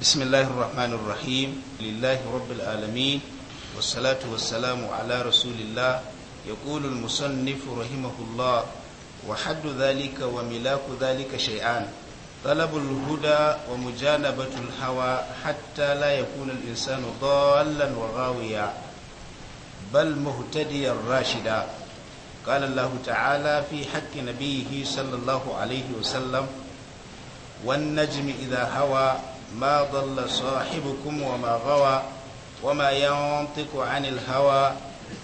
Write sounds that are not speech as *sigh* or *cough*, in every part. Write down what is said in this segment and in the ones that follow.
بسم الله الرحمن الرحيم لله رب العالمين والصلاة والسلام على رسول الله يقول المصنف رحمه الله وحد ذلك وملاك ذلك شيئان طلب الهدى ومجانبة الهوى حتى لا يكون الإنسان ضالا وغاويا بل مهتديا راشدا قال الله تعالى في حق نبيه صلى الله عليه وسلم والنجم إذا هوى ما ضل صاحبكم وما غوى وما ينطق عن الهوى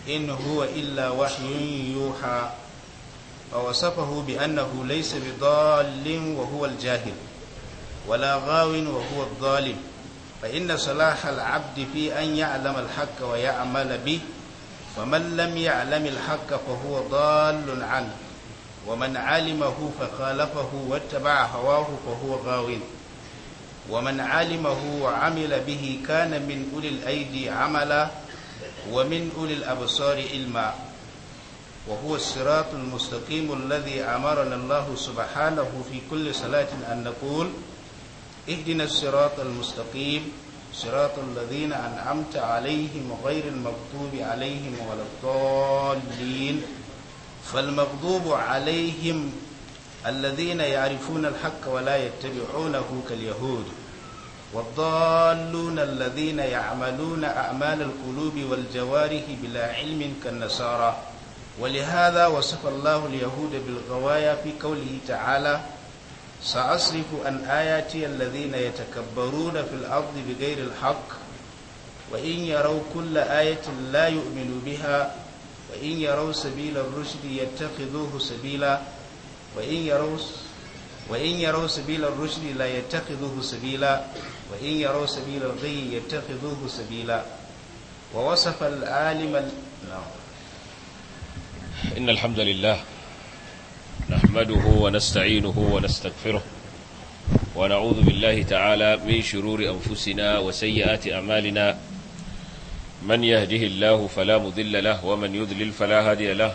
إن هو إلا وحي يوحى فوصفه بأنه ليس بضال وهو الجاهل ولا غاو وهو الظالم فإن صلاح العبد في أن يعلم الحق ويعمل به فمن لم يعلم الحق فهو ضال عنه ومن علمه فخالفه واتبع هواه فهو غاوٍ ومن علمه وعمل به كان من أولي الأيدي عملا ومن أولي الأبصار علما وهو الصراط المستقيم الذي أمرنا الله سبحانه في كل صلاة أن نقول اهدنا الصراط المستقيم صراط الذين أنعمت عليهم غير المغضوب عليهم ولا الضالين فالمغضوب عليهم الذين يعرفون الحق ولا يتبعونه كاليهود والضالون الذين يعملون أعمال القلوب والجوارح بلا علم كالنصارى ولهذا وصف الله اليهود بالغوايا في قوله تعالى سأصرف عن آياتي الذين يتكبرون في الأرض بغير الحق وإن يروا كل آية لا يؤمنوا بها وإن يروا سبيل الرشد يتخذوه سبيلا وإن يروا وإن يروا سبيل الرشد لا يتخذوه سبيلا وإن يروا سبيل الغي يتخذوه سبيلا ووصف العالم ال... نعم. إن الحمد لله نحمده ونستعينه ونستغفره ونعوذ بالله تعالى من شرور أنفسنا وسيئات أعمالنا من يهده الله فلا مضل له ومن يذلل فلا هادي له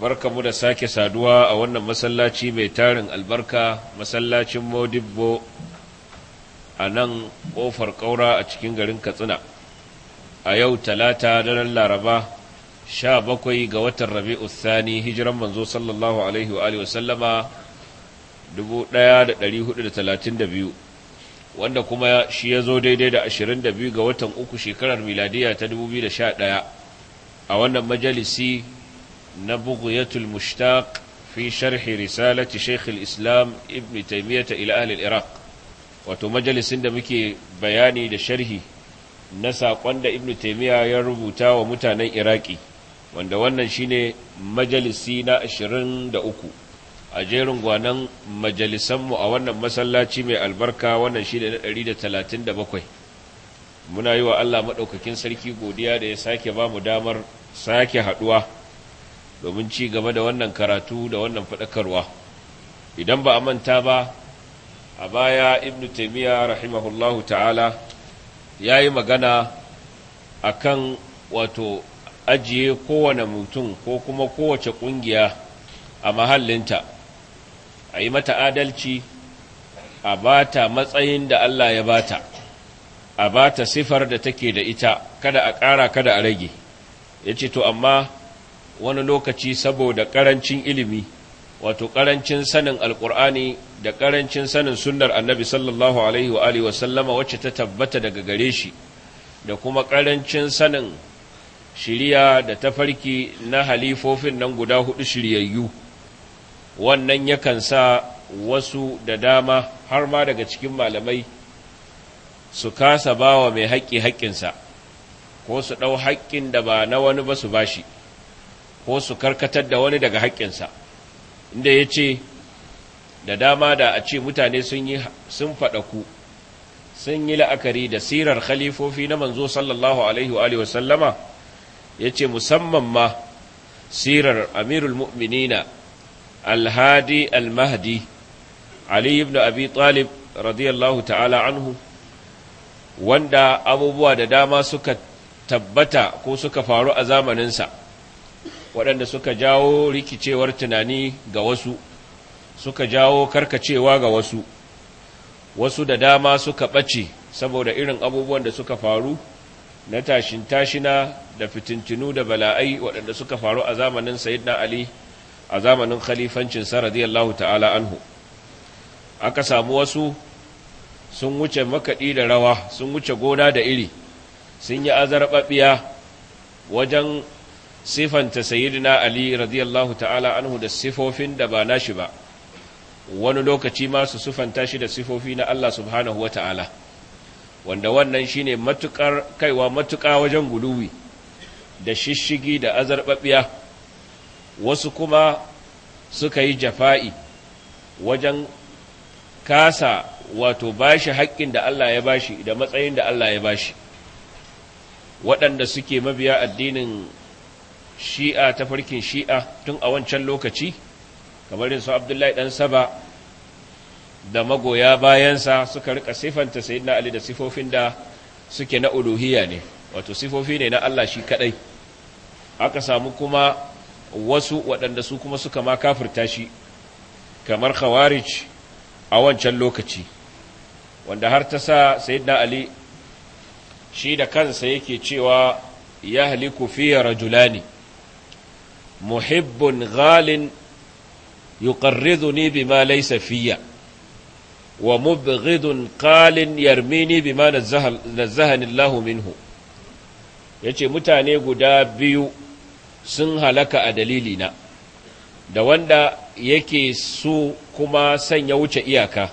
Barka mu da sake saduwa a wannan masallaci mai tarin albarka masallacin modibbo a nan ƙofar ƙaura a cikin garin katsina a yau talata daren laraba sha bakwai ga watan rabi'u thani hijiran manzo sallallahu alaihi wa alihi wasallama 1432 wanda kuma shi ya zo daidai da 22 ga watan uku shekarar miladiya ta 2011 a wannan majalisi na bugu ya fi sharhi risalati shaykh islam ibn taymiyyah ila ahli iraq wato majalisin da muke bayani da sharhi na saƙon da ibn Taimiyya ya rubuta wa mutanen iraki wanda wannan shine majalisi na 23 a jerin gwanan majalisanmu a wannan masallaci mai albarka wannan shine na 137 muna yi wa Allah maɗaukakin sarki godiya da ya sake ba mu damar sake haɗuwa domin ci gaba da wannan karatu da wannan faɗakarwa idan ba a manta ba a baya ibn taimiyya rahimahullahu ta'ala ya yi magana a kan wato ajiye kowane mutum ko kuma kowace ƙungiya a mahallinta a yi mata adalci a bata matsayin da Allah ya bata a bata sifar da take da ita kada a ƙara kada a rage ya ce to amma wani lokaci saboda ƙarancin ilimi wato ƙarancin sanin alƙur'ani da ƙarancin sanin sunnar annabi sallallahu alaihi wa alihi wasallama wacce ta tabbata daga gare shi da kuma ƙarancin sanin shiriya da tafarki na halifofin nan guda hudu shiryayyu wannan yakan sa wasu da dama har ma daga cikin malamai su kasa bawa mai haƙƙi haƙƙinsa ko su ɗau haƙƙin da ba na wani ba su bashi ko su karkatar da wani daga haƙƙinsa inda ya ce da dama da a ce mutane sun faɗa ku sun yi la'akari da sirar khalifofi na manzo sallallahu alaihi wa sallama ya ce musamman ma sirar amirul mu'minina alhadi almahdi ali ibn abi talib radiyallahu ta'ala anhu wanda abubuwa da dama suka tabbata ko suka faru a zamaninsa waɗanda suka jawo rikicewar tunani ga wasu suka jawo karkacewa ga wasu wasu da dama suka ɓace saboda irin abubuwan da suka faru na tashin tashina da fitintinu da bala'ai waɗanda suka faru a zamanin sayyidina ali a zamanin khalifancin sa radiyallahu ta'ala anhu aka samu wasu sun wuce makaɗi da rawa sun wuce gona da iri sun yi azarɓaɓiya wajen sifanta sayyidina ali radiyallahu ta'ala anhu da sifofin da ba nashi ba wani lokaci ma su sifanta shi da sifofi na Allah subhanahu wa ta'ala wanda wannan shine matukar kaiwa matuka wajen guluwi da shishigi da azarbabiya wasu kuma suka yi jafa'i wajen kasa wato bashi haƙƙin da Allah ya bashi da matsayin da Allah ya bashi waɗanda suke mabiya addinin shi'a ta farkin shi'a tun a wancan lokaci kamar su abdullahi dan saba da magoya bayansa suka rika sifanta sayyidina ali da sifofin da suke na uluhiyya ne wato sifofi ne na Allah shi kadai aka samu kuma wasu waɗanda su kuma suka ma kafirta shi kamar khawarij a wancan lokaci wanda har ta sa sayyidina ali shi da kansa yake cewa ya haliku fiye rajulani muhibbun ghalin yuqarriduni bima laysa fiyya wa mubghidun qalin yarmini bima nazzahani Allah minhu yace mutane guda biyu sun halaka a dalilina da wanda yake su kuma sanya wuce iyaka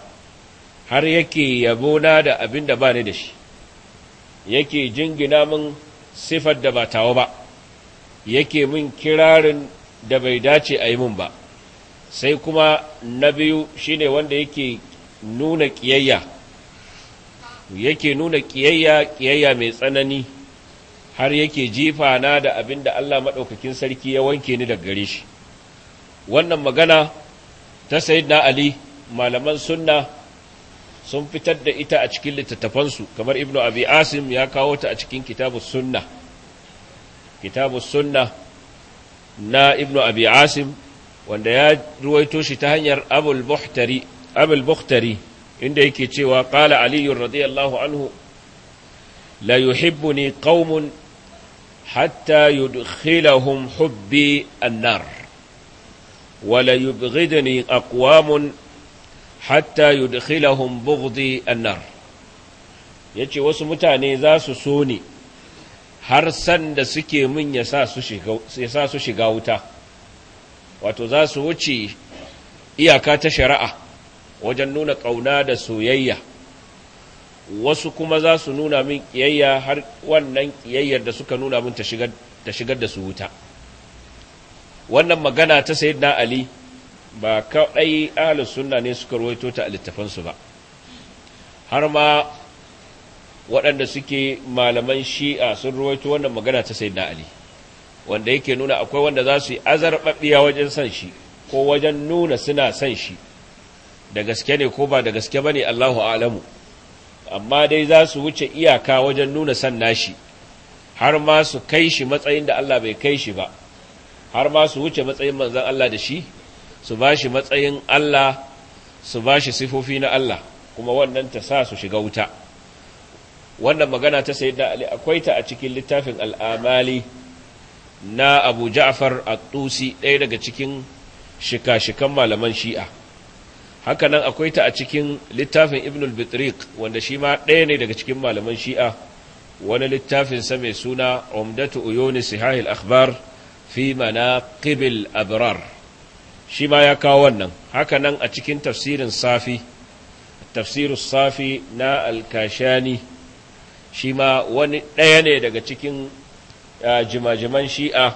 har yake yabona da abin da ba ni da shi yake jingina min sifar da ba tawa ba yake min kirarin da bai dace a yi min ba sai kuma na biyu shine wanda yake nuna ƙiyayya yake nuna ƙiyayya ƙiyayya mai tsanani har yake jifa na da abin da Allah maɗaukakin sarki ya wanke ni daga gare shi wannan magana ta na Ali malaman sunna sun fitar da ita a cikin littattafansu kamar ibnu abi asim ya kawo ta a cikin kitabu sunna kitabu sunna na ibnu abi asim wanda ya ruwaito shi ta hanyar abul buhtari inda yake cewa qala aliyun radiyallahu anhu la yuhibbu ni qaumun hatta yudkhilahum hubbi annar wala la yubghidni aqwamun hatta yudkhilahum bughdi annar yace wasu mutane za su so ne har san da suke min ya sa su shiga wuta wato za su wuce iyaka ta shari'a wajen nuna ƙauna da soyayya wasu kuma za su nuna min ƙiyayya har wannan ƙiyayyar da suka nuna min ta shigar da su wuta wannan magana ta sayi na ali ba kaɗai ahalus sunna ne suka ruwaito ta a littafansu ba har ma waɗanda suke malaman shi'a sun ruwaito wannan magana ta na ali wanda yake nuna akwai wanda za su yi azar azarbabbiya wajen san shi ko wajen nuna suna san shi da gaske ne ko ba da gaske bane Allahu a'lamu amma dai za su wuce iyaka wajen nuna san nashi har ma su kai shi matsayin da Allah bai kai shi ba har ma su wuce matsayin manzon Allah da shi su ba shi matsayin Allah su ba shi sifofi na Allah kuma wannan ta sa su shiga wuta wannan magana ta sayyidina ali akwai ta a cikin littafin al'amali na abu ja'far at-tusi ɗaya daga cikin shika-shikan malaman shi'a hakanan akwai ta a cikin littafin ibn al-bitriq wanda shi ma ɗaya ne daga cikin malaman shi'a wani littafin sa mai suna umdatu uyuni sihahil akhbar fi manaqibil abrar shi ma ya kawo wannan hakanan a cikin tafsirin safi tafsirus safi na al-kashani shi ma wani ɗaya ne daga cikin uh, jimajiman shi'a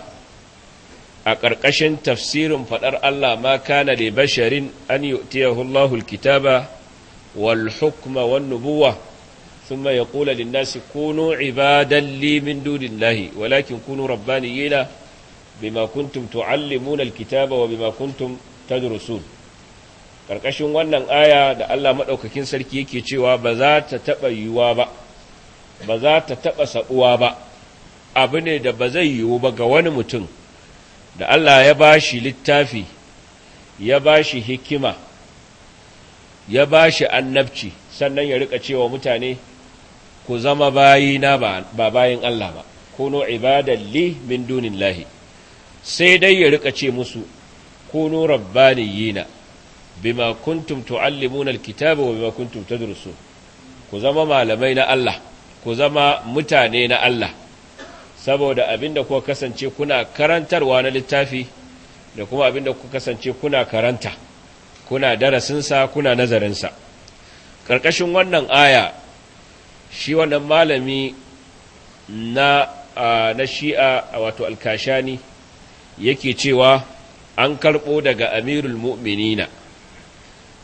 a ƙarƙashin tafsirin faɗar Allah ma kana da basharin an yu'tiyahu Allahul kitaba wal hukma wan nubuwa thumma ya lin nasi kunu ibadan limin min dunillahi walakin kunu rabbaniyina bima kuntum tuallimuna al wa bima kuntum tadrusun ƙarƙashin wannan aya da Allah maɗaukakin sarki yake cewa ba za ta taɓa yiwuwa ba ba za ta taɓa saɓuwa ba abu ne da ba zai yiwu ba ga wani mutum da Allah ya ba shi littafi ya ba shi hikima ya ba shi annabci sannan ya rika cewa mutane ku zama bayina ba bayin Allah ba kuno ibadan li min dunin lahi sai dai ya rika ce musu kuno rabbaniyina bima kuntum tuallimuna alkitaba wa bima kuntum tadrusun ku zama malamai na Allah ku zama mutane na Allah saboda abinda kuka kasance kuna karantarwa na littafi da kuma abinda kuka kasance kuna karanta kuna darasinsa kuna nazarinsa ƙarƙashin wannan aya shi wannan malami na na shi'a wato alkashani yake cewa an karɓo daga amirul mu'minina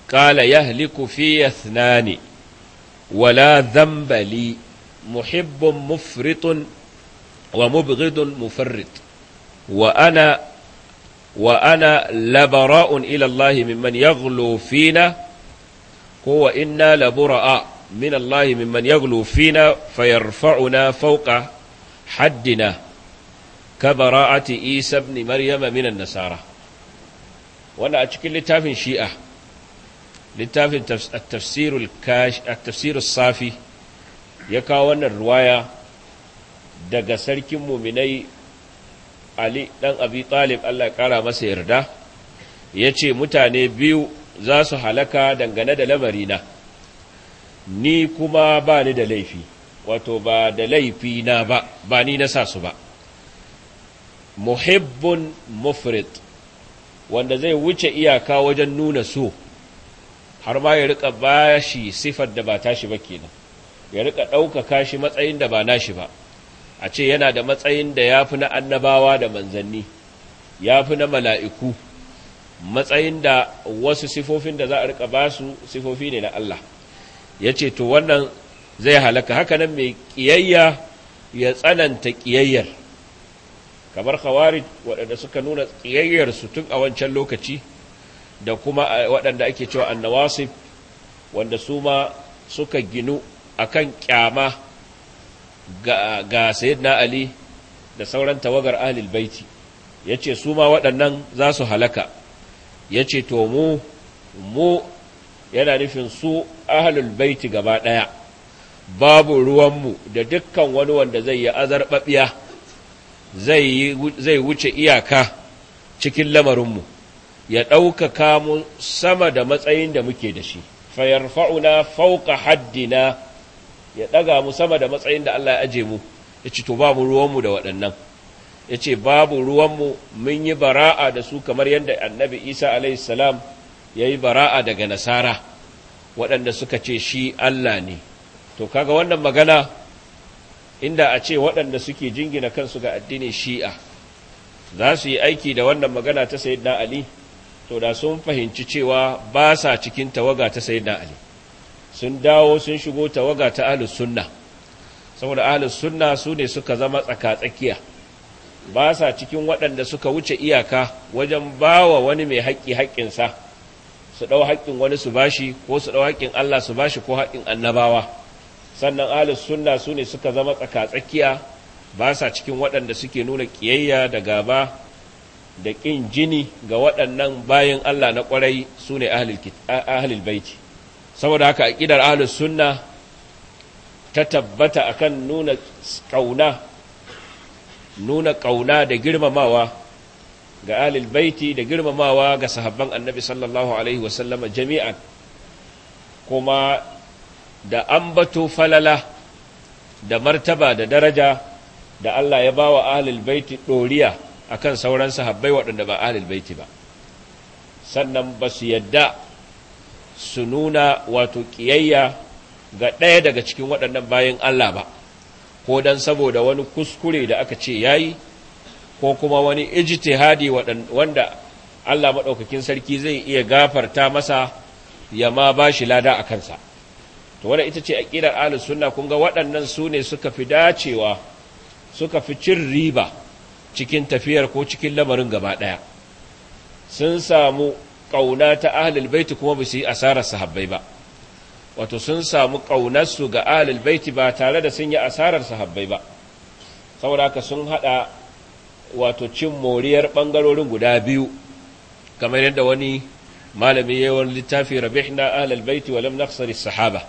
ƙala ya haliku fiye ne wala zambali محب مفرط ومبغض مفرط وأنا وأنا لبراء إلى الله ممن يغلو فينا هو إنا لبراء من الله ممن يغلو فينا فيرفعنا فوق حدنا كبراءة عيسى ابن مريم من النصارى وأنا أشكل لتافن شيئة لتافن التفسير الكاش التفسير الصافي ya kawo wannan ruwaya daga sarkin muminai ali ɗan abi talib allah ƙara masa yarda ya ce mutane biyu za su halaka dangane da lamarina ni kuma ba ni da laifi wato ba da laifi na ba ba ni na sa su ba muhibbun Mufrid, wanda zai wuce iyaka wajen nuna so har ma ya riƙa bashi sifar da ba tashi ba kenan ya rika ɗaukaka shi matsayin da ba nashi ba a ce yana da matsayin da ya fi na annabawa da manzanni ya fi na mala'iku matsayin da wasu sifofin da za a rika ba su sifofi ne na Allah ya ce to wannan zai halaka haka nan mai ƙiyayya ya tsananta ƙiyayyar kamar khawari waɗanda suka nuna ƙiyayyarsu tun a wancan lokaci da kuma eh, waɗanda ake cewa annawasif wanda su ma suka ginu akan kyama ga, ga sayyidina ali da sauran tawagar ahlul baiti yace su ma waɗannan za su halaka yace to mu mu yana nufin su ahlul baiti gaba ɗaya babu ruwanmu da dukkan wani wanda zai yi azarɓaɓiya zai wuce iyaka cikin lamarinmu ya ɗaukaka mu sama da matsayin da muke da shi fayarfa'una fauka haddina ya ɗaga mu sama da matsayin da Allah ya aje mu ya ce to babu ruwanmu da waɗannan ya ce babu ruwanmu mun yi bara'a da su kamar yadda annabi isa alaihissalam ya yi bara'a daga nasara waɗanda suka ce shi Allah ne to kaga wannan magana inda a ce waɗanda suke jingina kansu ga addinin shi'a za su yi aiki da wannan magana ta sayyidina ali to da sun fahimci cewa ba sa cikin tawaga ta sayyidina ali sun dawo sun shigo tawaga ta ahlus sunna saboda ahlus sunna su ne suka zama tsaka-tsakiya ba sa cikin waɗanda suka wuce iyaka wajen bawa wani mai haƙƙi sa su ɗau haƙƙin wani su bashi ko su ɗau haƙƙin Allah su bashi ko haƙƙin annabawa sannan ahlus sunna su ne suka zama tsaka-tsakiya ba sa cikin waɗanda suke nuna ƙiyayya da gaba da ƙin jini ga waɗannan bayan Allah na ƙwarai su ne ahlul baiti saboda haka aqidar ahlus sunna ta tabbata akan nuna kauna nuna kauna da girmamawa ga ahlul baiti da girmamawa ga sahabban annabi sallallahu alaihi wasallama jami'an kuma da ambato falala da martaba da daraja da Allah ya bawa ahlul baiti doriya akan sauran sahabbai waɗanda ba ahlul baiti ba sannan ba su yadda su nuna wato ƙiyayya ga ɗaya daga cikin waɗannan bayan Allah ba ko don saboda wani kuskure da aka ce ya yi ko kuma wani ijtihadi wanda Allah maɗaukakin sarki zai iya gafarta masa ya ma ba shi lada a kansa to wadda ita ce ƙirar ahlus sunna kun ga waɗannan su ne suka fi dacewa suka fi cin riba cikin tafiyar ko cikin lamarin gaba ɗaya sun samu ƙauna ta ahlul baiti kuma ba yi asarar sahabbai ba wato sun samu ƙaunarsu ga ahlul baiti ba tare da sun yi asarar sahabbai ba saboda haka sun haɗa wato cin moriyar bangarorin guda biyu kamar yadda wani malami ya yi wani littafi rabihna ahlul baiti wa lam naqsari sahaba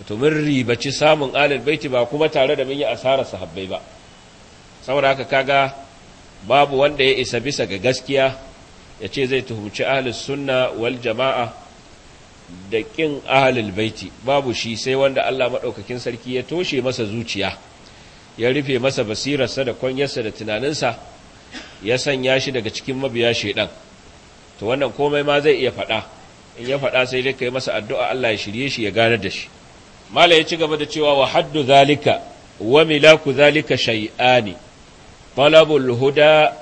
wato mun ribaci samun ahlul baiti ba kuma tare da mun yi asarar sahabbai ba saboda haka kaga babu wanda ya isa bisa ga gaskiya ya ce zai tuhumci ahalin sunna wal jama'a da ƙin ahalin baiti babu shi sai wanda Allah maɗaukakin sarki ya toshe masa zuciya ya rufe masa basirarsa da kwanyarsa da tunaninsa ya sanya shi daga cikin mabiya shaidan to wannan komai ma zai iya faɗa in ya faɗa sai dai ka kai masa addu'a Allah ya shirye shi ya gane da shi mala ya ci gaba da cewa wa haddu zalika wa milaku zalika shay'ani talabul huda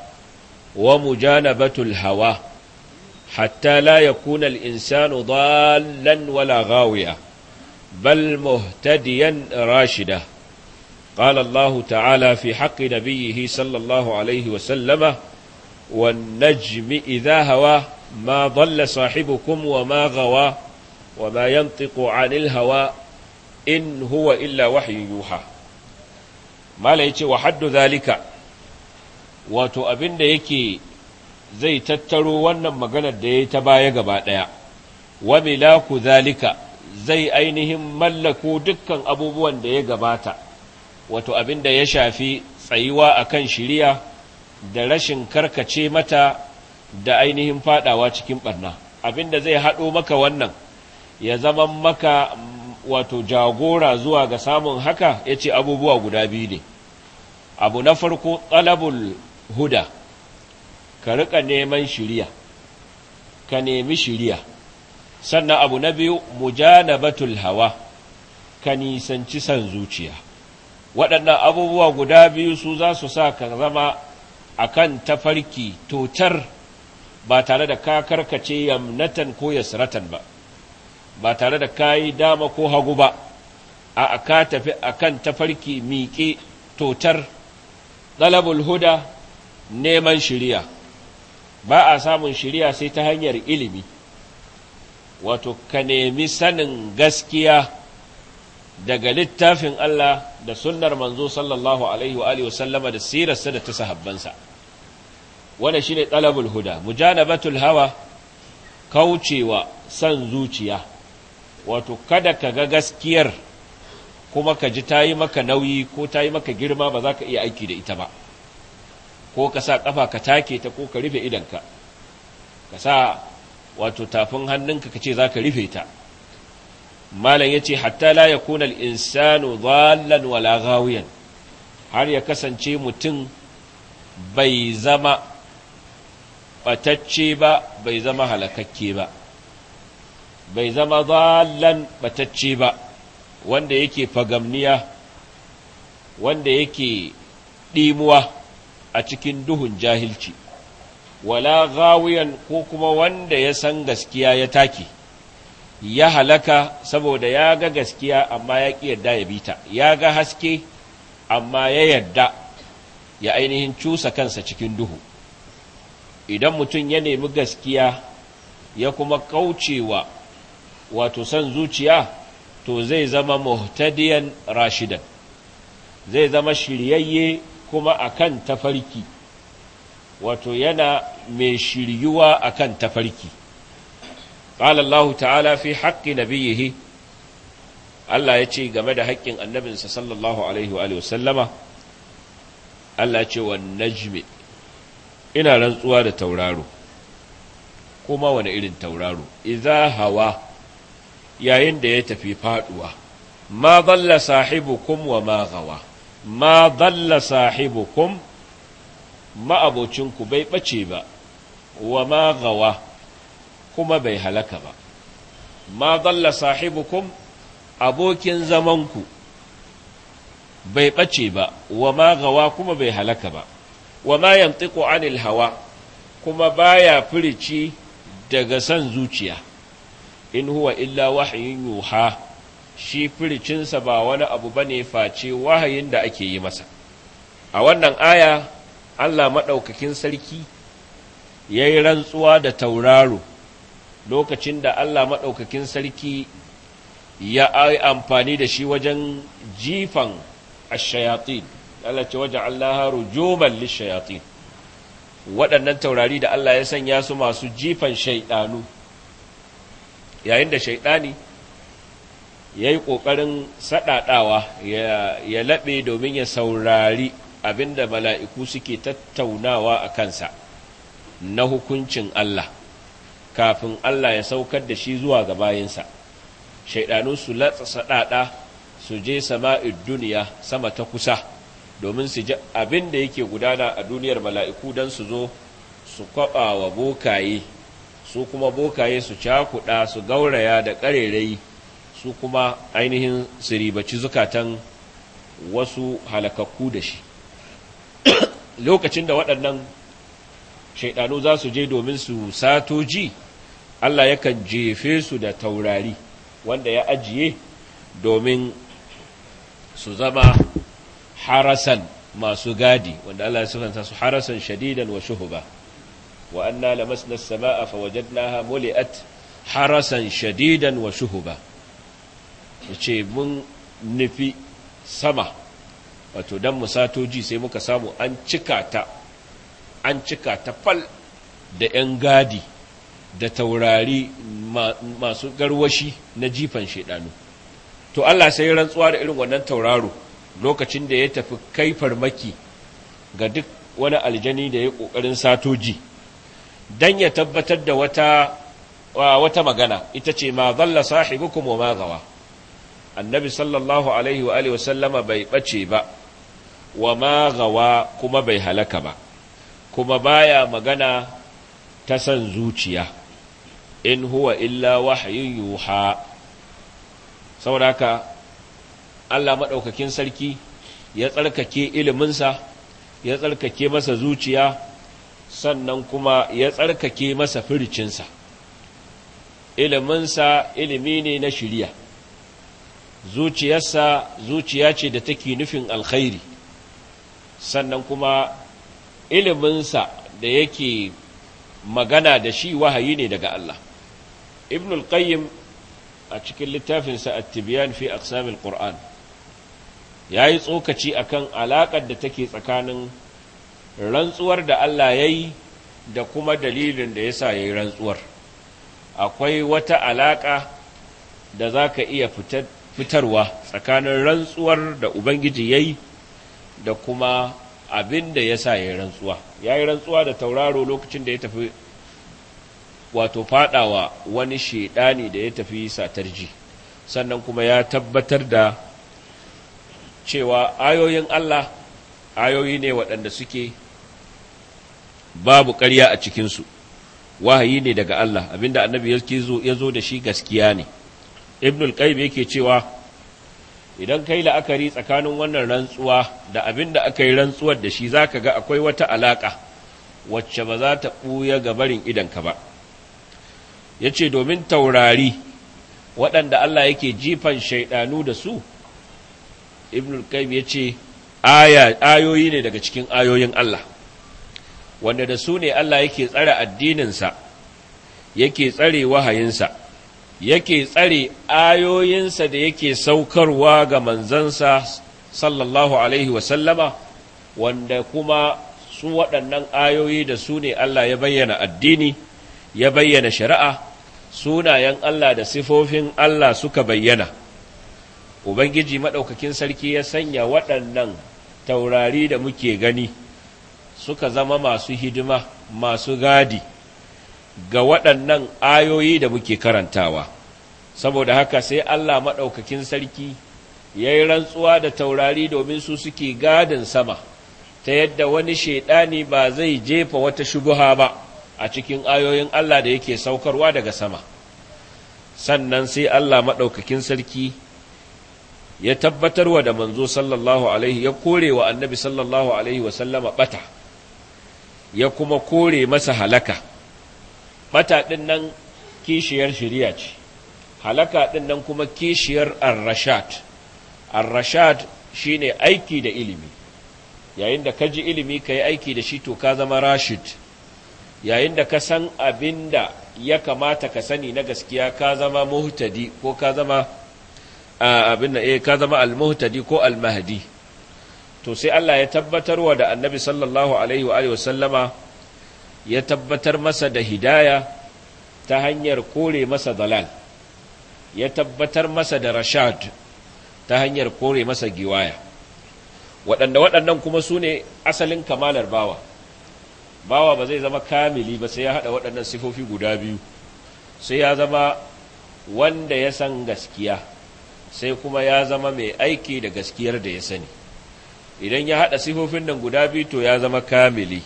ومجانبة الهوى حتى لا يكون الإنسان ضالا ولا غاويا بل مهتديا راشدا قال الله تعالى في حق نبيه صلى الله عليه وسلم والنجم إذا هوى ما ضل صاحبكم وما غوى وما ينطق عن الهوى إن هو إلا وحي يوحى ما ليتي وحد ذلك wato abin da yake zai tattaro wannan maganar da ya ta baya gaba ɗaya wa milaku zalika zai ainihin mallako dukkan abubuwan da ya gabata wato abin da ya shafi tsayuwa kan shirya da rashin karkace mata da ainihin fadawa cikin barna abin da zai haɗo maka wannan ya zama maka mm, wato jagora zuwa ga samun haka ya ce abubuwa guda biyu ne abu na farko tsalabul huda ka rika neman shiriya ka nemi shiriya sannan abu na biyu mujanabatul hawa ka nisanci san zuciya waɗannan abubuwa guda biyu su za su sa ka zama akan tafarki totar ba tare da ka karkace yamnatan ko yasratan ba ba tare da ka yi dama ko hagu ba a ka tafi akan tafarki miƙe totar ɗalabul huda neman shiriya ba a samun shiriya sai ta hanyar ilimi wato ka nemi sanin gaskiya daga littafin Allah da sunnar manzo sallallahu alaihi wa alihi wasallama da sirarsa da ta sahabbansa wannan shine talabul huda mujanabatul hawa kaucewa san zuciya wato kada ka ga gaskiyar kuma ka ji tayi maka nauyi ko tayi maka girma ba za ka iya aiki da ita ba ko ka sa ƙafa ka take ta ko ka rufe idanka ka sa wato tafin hannunka ka ce za ka rufe ta malam ya ce hatta la ya kuna al'insanu zallan wala gawiyan har ya kasance mutum bai zama ɓatacce ba bai zama halakakke ba bai zama zallan ɓatacce ba wanda yake fagamniya wanda yake ɗimuwa a cikin duhun jahilci wala gawiyan ko kuma wanda ya san gaskiya ya take ya halaka saboda ya ga gaskiya amma ya ƙi yadda ya bita ya ga haske amma ya yadda ya ainihin cusa kansa cikin duhu idan mutum ya nemi gaskiya ya kuma kaucewa wato san zuciya to zai zama muhtadiyan rashidan zai zama shiryayye kuma akan tafarki wato yana mai shiryuwa akan tafarki qala Allah ta'ala fi haqqi nabiyhi Allah ya ce game da haƙƙin annabinsa sallallahu alaihi wa sallama Allah ce wa najmi ina rantsuwa da tauraro kuma wani irin tauraro idza hawa yayin da ya tafi faduwa ma dalla sahibukum wa ma gawa ma dalla sahibukum ma'abocinku bai ɓace ba wa ma gawa kuma bai halaka ba ma dalla sahibukum abokin zamanku bai ɓace ba wa ma gawa kuma bai halaka ba wa ma yantiku anil hawa kuma baya firici daga san zuciya in huwa illa wahyin yuha shi firicinsa ba wani abu ba ne face wahayin da ake yi masa a wannan aya allah maɗaukakin sarki ya yi rantsuwa da tauraro lokacin da allah maɗaukakin sarki ya amfani da shi wajen jifan ashayatin allah ce wajen allah rujuman lishayatin waɗannan taurari da allah ya sanya su masu jifan shaiɗanu yayin da shaiɗani ya yi ƙoƙarin saɗaɗawa ya laɓe domin ya saurari abinda mala'iku suke tattaunawa a kansa na hukuncin Allah kafin Allah ya saukar da shi zuwa ga bayansa shaidanu su latsa saɗaɗa su je sama'id duniya sama ta kusa domin su ji abin da yake gudana a duniyar mala'iku don su zo su kwaɓa wa bokaye su kuma bokaye su cakuɗa su gauraya da ƙarerai su kuma ainihin siribaci zukatan wasu halakakku da shi *coughs* lokacin da waɗannan shaidanu za su je domin su sato ji Allah yakan jefe su da taurari wanda ya ajiye domin su zama harasan masu gadi wanda Allah ya sifanta su harasan shadidan wa shuhuba wa anna lamasna as-samaa fawajadnaha muli'at harasan shadidan wa shuhuba ya ce mun nufi sama wato don musatoji sai muka samu an cika ta an cika ta fal da 'yan gadi da taurari masu garwashi na jifan shaidanu to Allah sai rantsuwa da irin wannan tauraro lokacin da ya tafi kai farmaki ga duk wani aljani da ya ƙoƙarin satoji don ya tabbatar da wata wata magana ita ce ma zalla sahibukum wa ma gawa annabi sallallahu alaihi wa alihi wasallama bai ɓace ba wa ma gawa kuma bai halaka ba kuma baya magana ta san zuciya in huwa illa wahayin yuha saboda Allah maɗaukakin sarki ya tsarkake iliminsa ya tsarkake masa zuciya sannan kuma ya tsarkake masa firicinsa iliminsa ilimi ne na shirya zuciyarsa zuciya ce da take nufin alkhairi sannan kuma iliminsa da yake magana da shi wahayi ne daga Allah ibn al-qayyim a cikin littafinsa at-tibyan fi aqsam al-qur'an yayi tsokaci akan alakar da take tsakanin rantsuwar da Allah yayi da kuma dalilin da yasa yayi rantsuwar akwai wata alaka da zaka iya fitar fitarwa tsakanin rantsuwar da ubangiji ya yi da kuma abin da ya sa ya yi rantsuwa ya yi rantsuwa da tauraro lokacin da ya tafi wato fadawa wani shaidani da ya tafi satarji sannan kuma ya tabbatar da cewa ayoyin Allah ayoyi ne waɗanda suke babu ƙarya a cikinsu wahayi ne daga Allah abinda annabi ya zo da shi gaskiya ne ibn al-qayyim yake cewa idan kai la'akari tsakanin wannan rantsuwa da abin da aka yi rantsuwar da shi zaka ga akwai wata alaka wacce ba za ta buya ga barin idanka ba yace domin taurari waɗanda Allah yake jifan shaydanu da su ibn al-qayyim yace aya ayoyi ne daga cikin ayoyin Allah wanda da su ne Allah yake tsare addininsa yake tsare wahayinsa yake tsare ayoyinsa da yake saukarwa ga manzansa sallallahu alaihi wasallama wanda kuma su waɗannan ayoyi da su ne Allah ya bayyana addini ya bayyana shari'a sunayen Allah da sifofin Allah suka bayyana Ubangiji maɗaukakin sarki ya sanya waɗannan taurari da muke gani suka zama masu hidima masu gadi ga waɗannan ayoyi da muke karantawa saboda haka sai Allah maɗaukakin sarki ya yi rantsuwa da taurari domin su suke gadin sama ta yadda wani shaidani ba zai jefa wata shubuha ba a cikin ayoyin Allah da yake saukarwa daga sama sannan sai Allah maɗaukakin sarki ya tabbatarwa da manzo sallallahu alaihi ya kore wa annabi sallallahu alaihi wasallama ɓata ya kuma kore masa halaka Mataɗin nan kishiyar shirya ce halaka ɗin nan kuma kishiyar arrashat arrashat shine aiki da ilimi yayin da ka ji ilimi ka yi aiki da shi to ka zama rashid yayin da ka san abin da ya kamata ka sani na gaskiya ka zama muhtadi ko ka zama abin da eh, ka zama al-muhtadi ko al-mahdi to sai Allah ya tabbatarwa da annabi sallallahu alaihi wa sallama. ya tabbatar masa da hidaya ta hanyar kore masa dalal ya tabbatar masa da rashad ta hanyar kore masa giwaya waɗanda waɗannan kuma su ne asalin kamalar bawa bawa ba zai zama kamili ba sai ya haɗa waɗannan sifofi guda biyu sai ya zama wanda ya san gaskiya sai kuma ya zama mai aiki da gaskiyar da ya sani idan ya haɗa sifofin nan guda biyu to ya zama kamili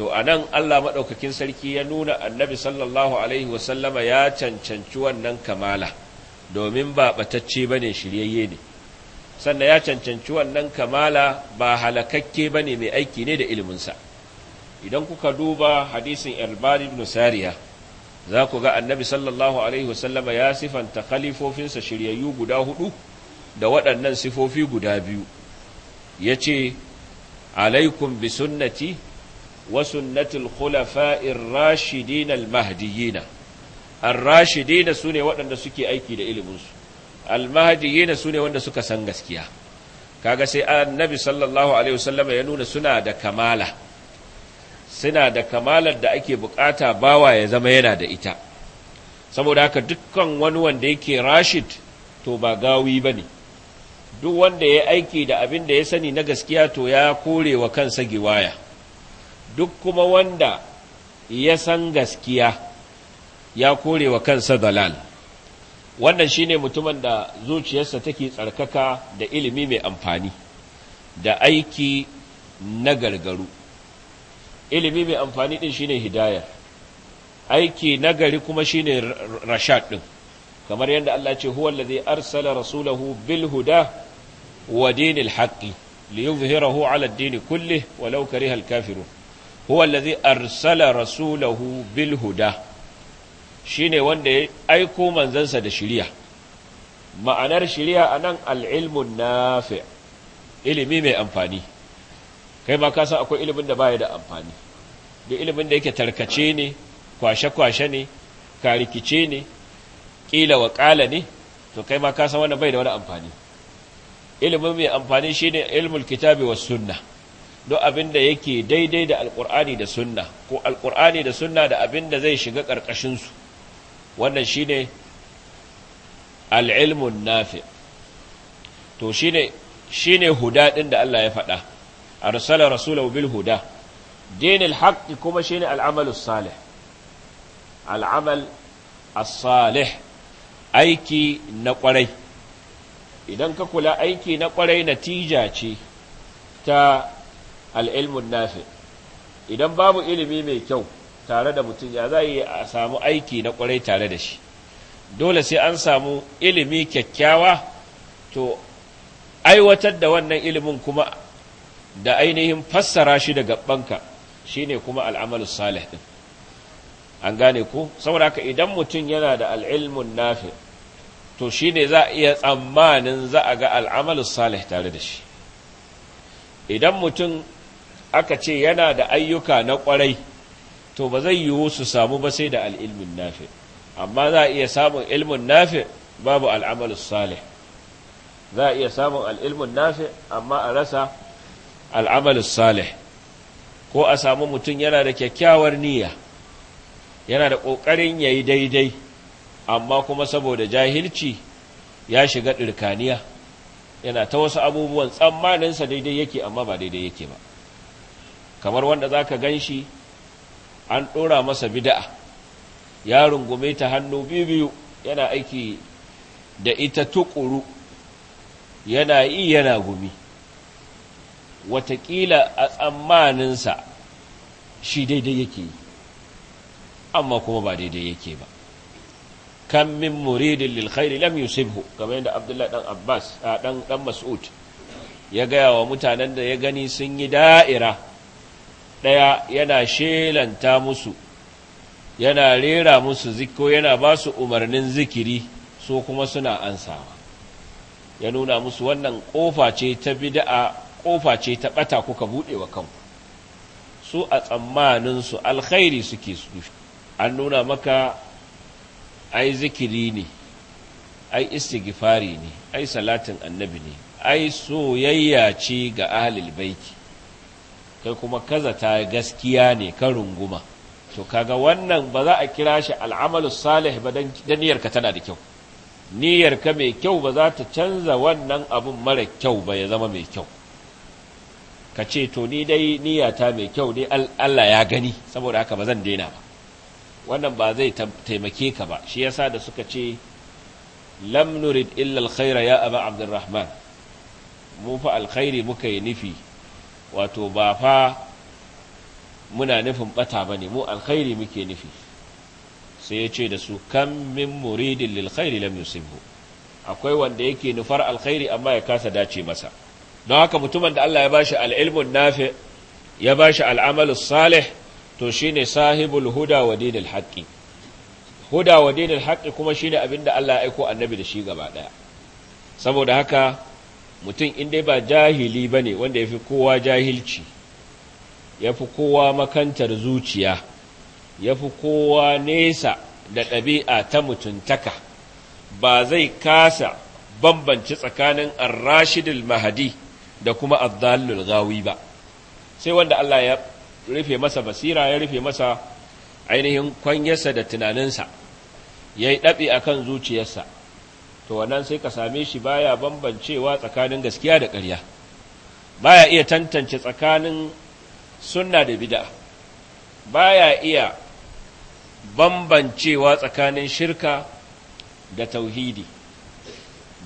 to a nan Allah maɗaukakin sarki ya nuna annabi sallallahu alaihi wasallama ya cancanci wannan kamala domin ba batacce ba ne shiryayye ne sannan ya cancanci wannan kamala ba halakakke ba ne mai aiki ne da iliminsa idan kuka duba hadisin albari ibn sariya za ku ga annabi sallallahu alaihi wasallama ya sifanta kalifofinsa shiryayyu guda hudu da waɗannan sifofi guda biyu ya ce alaikum bi sunnati wa sunnatul khulafa'ir rashidin al-mahdiyyin ar-rashidin sune waɗanda suke aiki da ilimin su al-mahdiyyin sune wanda suka san gaskiya kaga sai annabi sallallahu alaihi wasallam ya nuna suna da kamala suna da kamalar da ake bukata bawa ya zama yana da ita saboda haka dukkan wani wanda yake rashid to ba gawi bane duk wanda ya aiki da abin da ya sani na gaskiya to ya korewa kan kansa waya. duk kuma wanda ya san gaskiya ya kore wa kansa dalal wannan shine mutumin da zuciyarsa take tsarkaka da ilimi mai amfani da aiki na gargaru ilimi mai amfani din shine hidayar aiki nagari kuma shine rashad din kamar yadda Allah ce huwa allazi arsala rasulahu bil huda wa dinil haqqi liyuzhirahu ala ad-din kullih walau kariha al-kafirun huwa allazi arsala rasulahu bil huda shine wanda ya aiko manzansa da shiriya ma'anar shiriya anan al-ilmun ilimi mai amfani kai ma ka akwai ilimin da baya da amfani da ilimin da yake tarkace ne kwashe-kwashe ne karikice ne ƙila ƙala ne to kai ma ka wannan bai da wani amfani mai amfani shine ilmin kitabi was duk abin da yake daidai da alkur'ani da sunna ko alkur'ani da sunna da abin da zai shiga ƙarƙashinsu wannan shine al'ilmun nafi to shine huda ɗin da Allah ya faɗa a rasalar rasulau bil huda dinil haƙƙi kuma shine ne al'amalus salih al'amal as-salih aiki na ƙwarai idan ka kula aiki na ƙwarai natija ce ta al'ilmun nafi idan babu ilimi mai kyau tare da mutum ya za yi a samu aiki na kwarai tare da shi dole sai an samu ilimi kyakkyawa to aiwatar da wannan ilimin kuma da ainihin fassara shi da shi shine kuma al'amalu salih din an gane ku. saboda haka idan mutum yana da al'ilmun nafi to shine za a iya tsammanin za a ga al'amalu salih tare da shi idan mutum aka ce yana da ayyuka na kwarai to ba zai yiwu su samu ba sai da al'ilmin nafi amma za a iya samun ilmin nafi babu al'amal salih za a iya samun al'ilmin nafi amma a rasa al'amal salih ko a samu mutum yana da kyakkyawar niyya yana da ƙoƙarin ya yi daidai amma kuma saboda jahilci ya shiga ɗirkaniya yana ta wasu abubuwan tsammaninsa daidai yake amma ba daidai yake ba kamar wanda za ka gan shi an ɗora masa bida'a ya rungume ta hannu biyu yana aiki da ita tukuru yana yi yana gumi watakila a tsammaninsa shi daidai yake yi amma kuma ba daidai yake ba kan min muridin lilkhairi lam yusibhu kamar yadda abdullahi dan abbas dan dan mas'ud ya gaya wa mutanen da ya gani sun yi da'ira ɗaya yana shelanta musu yana rera musu ziko yana ba su umarnin zikiri su kuma suna ansawa ya nuna musu wannan ƙofa ce ta bida'a ƙofa ce ta ɓata kuka buɗe wa kanku su a tsammaninsu alkhairi suke su an nuna maka ai zikiri ne ai istighfari ne ai salatin annabi ne ai soyayya ce ga ahlul baiti kai kuma ta gaskiya ne ka runguma to kaga wannan ba za a kira shi al'amalu salih ba dan niyyarka tana da kyau niyyarka mai kyau ba za ta canza wannan abun mara kyau ba ya zama mai kyau ka ce to ni dai niyyata mai kyau ne Allah ya gani saboda haka ba zan daina ba wannan ba zai taimake ka ba shi yasa da suka ce lam nurid illa alkhaira ya aba abdurrahman mu fa alkhairi muka yi nufi wato ba fa muna nufin bata ba ne mu alkhairi muke nufi sai ya ce da su kan min muridin lil khairi lam yusibhu akwai wanda yake nufar alkhairi amma ya kasa dace masa don haka mutumin da Allah ya bashi al'ilmun nafi ya bashi al'amalu salih to shine sahibul huda wa dinil haqqi huda wa dinil haqqi kuma shine abinda Allah ya aiko annabi da shi gaba daya saboda haka mutum in ba jahili ba ne wanda ya fi kowa jahilci ya fi kowa makantar zuciya ya fi kowa nesa da ɗabi'a ta mutuntaka ba zai kasa bambanci tsakanin arrashidul mahadi da kuma addalul gawi ba sai wanda Allah ya rufe masa basira ya rufe masa ainihin kwanyarsa da tunaninsa ya yi ɗabi kan zuciyarsa to wannan sai ka same shi baya bambancewa tsakanin gaskiya da ƙarya baya iya tantance tsakanin sunna da bid'a baya iya bambancewa tsakanin shirka da tauhidi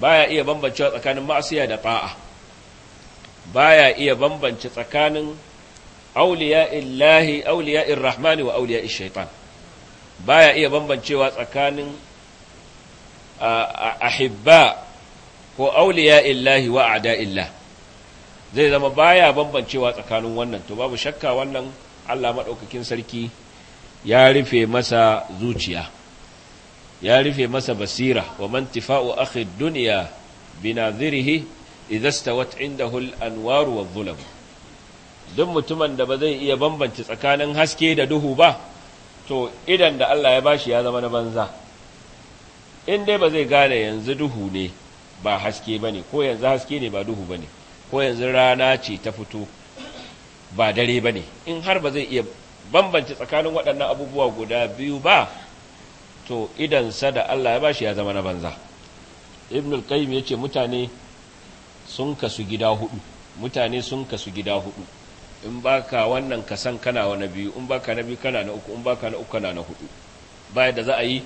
baya iya bambancewa tsakanin ma'asiya da ta'a baya iya bambance tsakanin auliya'illahi auliya'ir rahmani wa auliya'ish shaitan baya iya bambancewa tsakanin ahibba ko auliya illahi wa a'da illah zai zama baya bambancewa tsakanin wannan to babu shakka wannan Allah maɗaukakin sarki ya rufe masa zuciya ya rufe masa basira wa man tifa'u akhi dunya binadhirihi idza stawat indahu al-anwar wa dhulam duk mutumin da ba zai iya bambance tsakanin haske da duhu ba to idan da Allah ya bashi ya zama na banza in dai ba zai gane yanzu duhu ne ba haske ba ne ko yanzu haske ne ba duhu ba ne ko yanzu rana ce ta fito ba dare ba ne in har ba zai iya bambanci tsakanin waɗannan abubuwa guda biyu ba to idansa da Allah ya bashi ya zama na banza ibnul qayyim ya ce mutane sun kasu gida hudu mutane sun kasu gida hudu in baka wannan kasan kana wa na biyu in baka na biyu kana na uku in baka na uku kana na hudu bayan da za a yi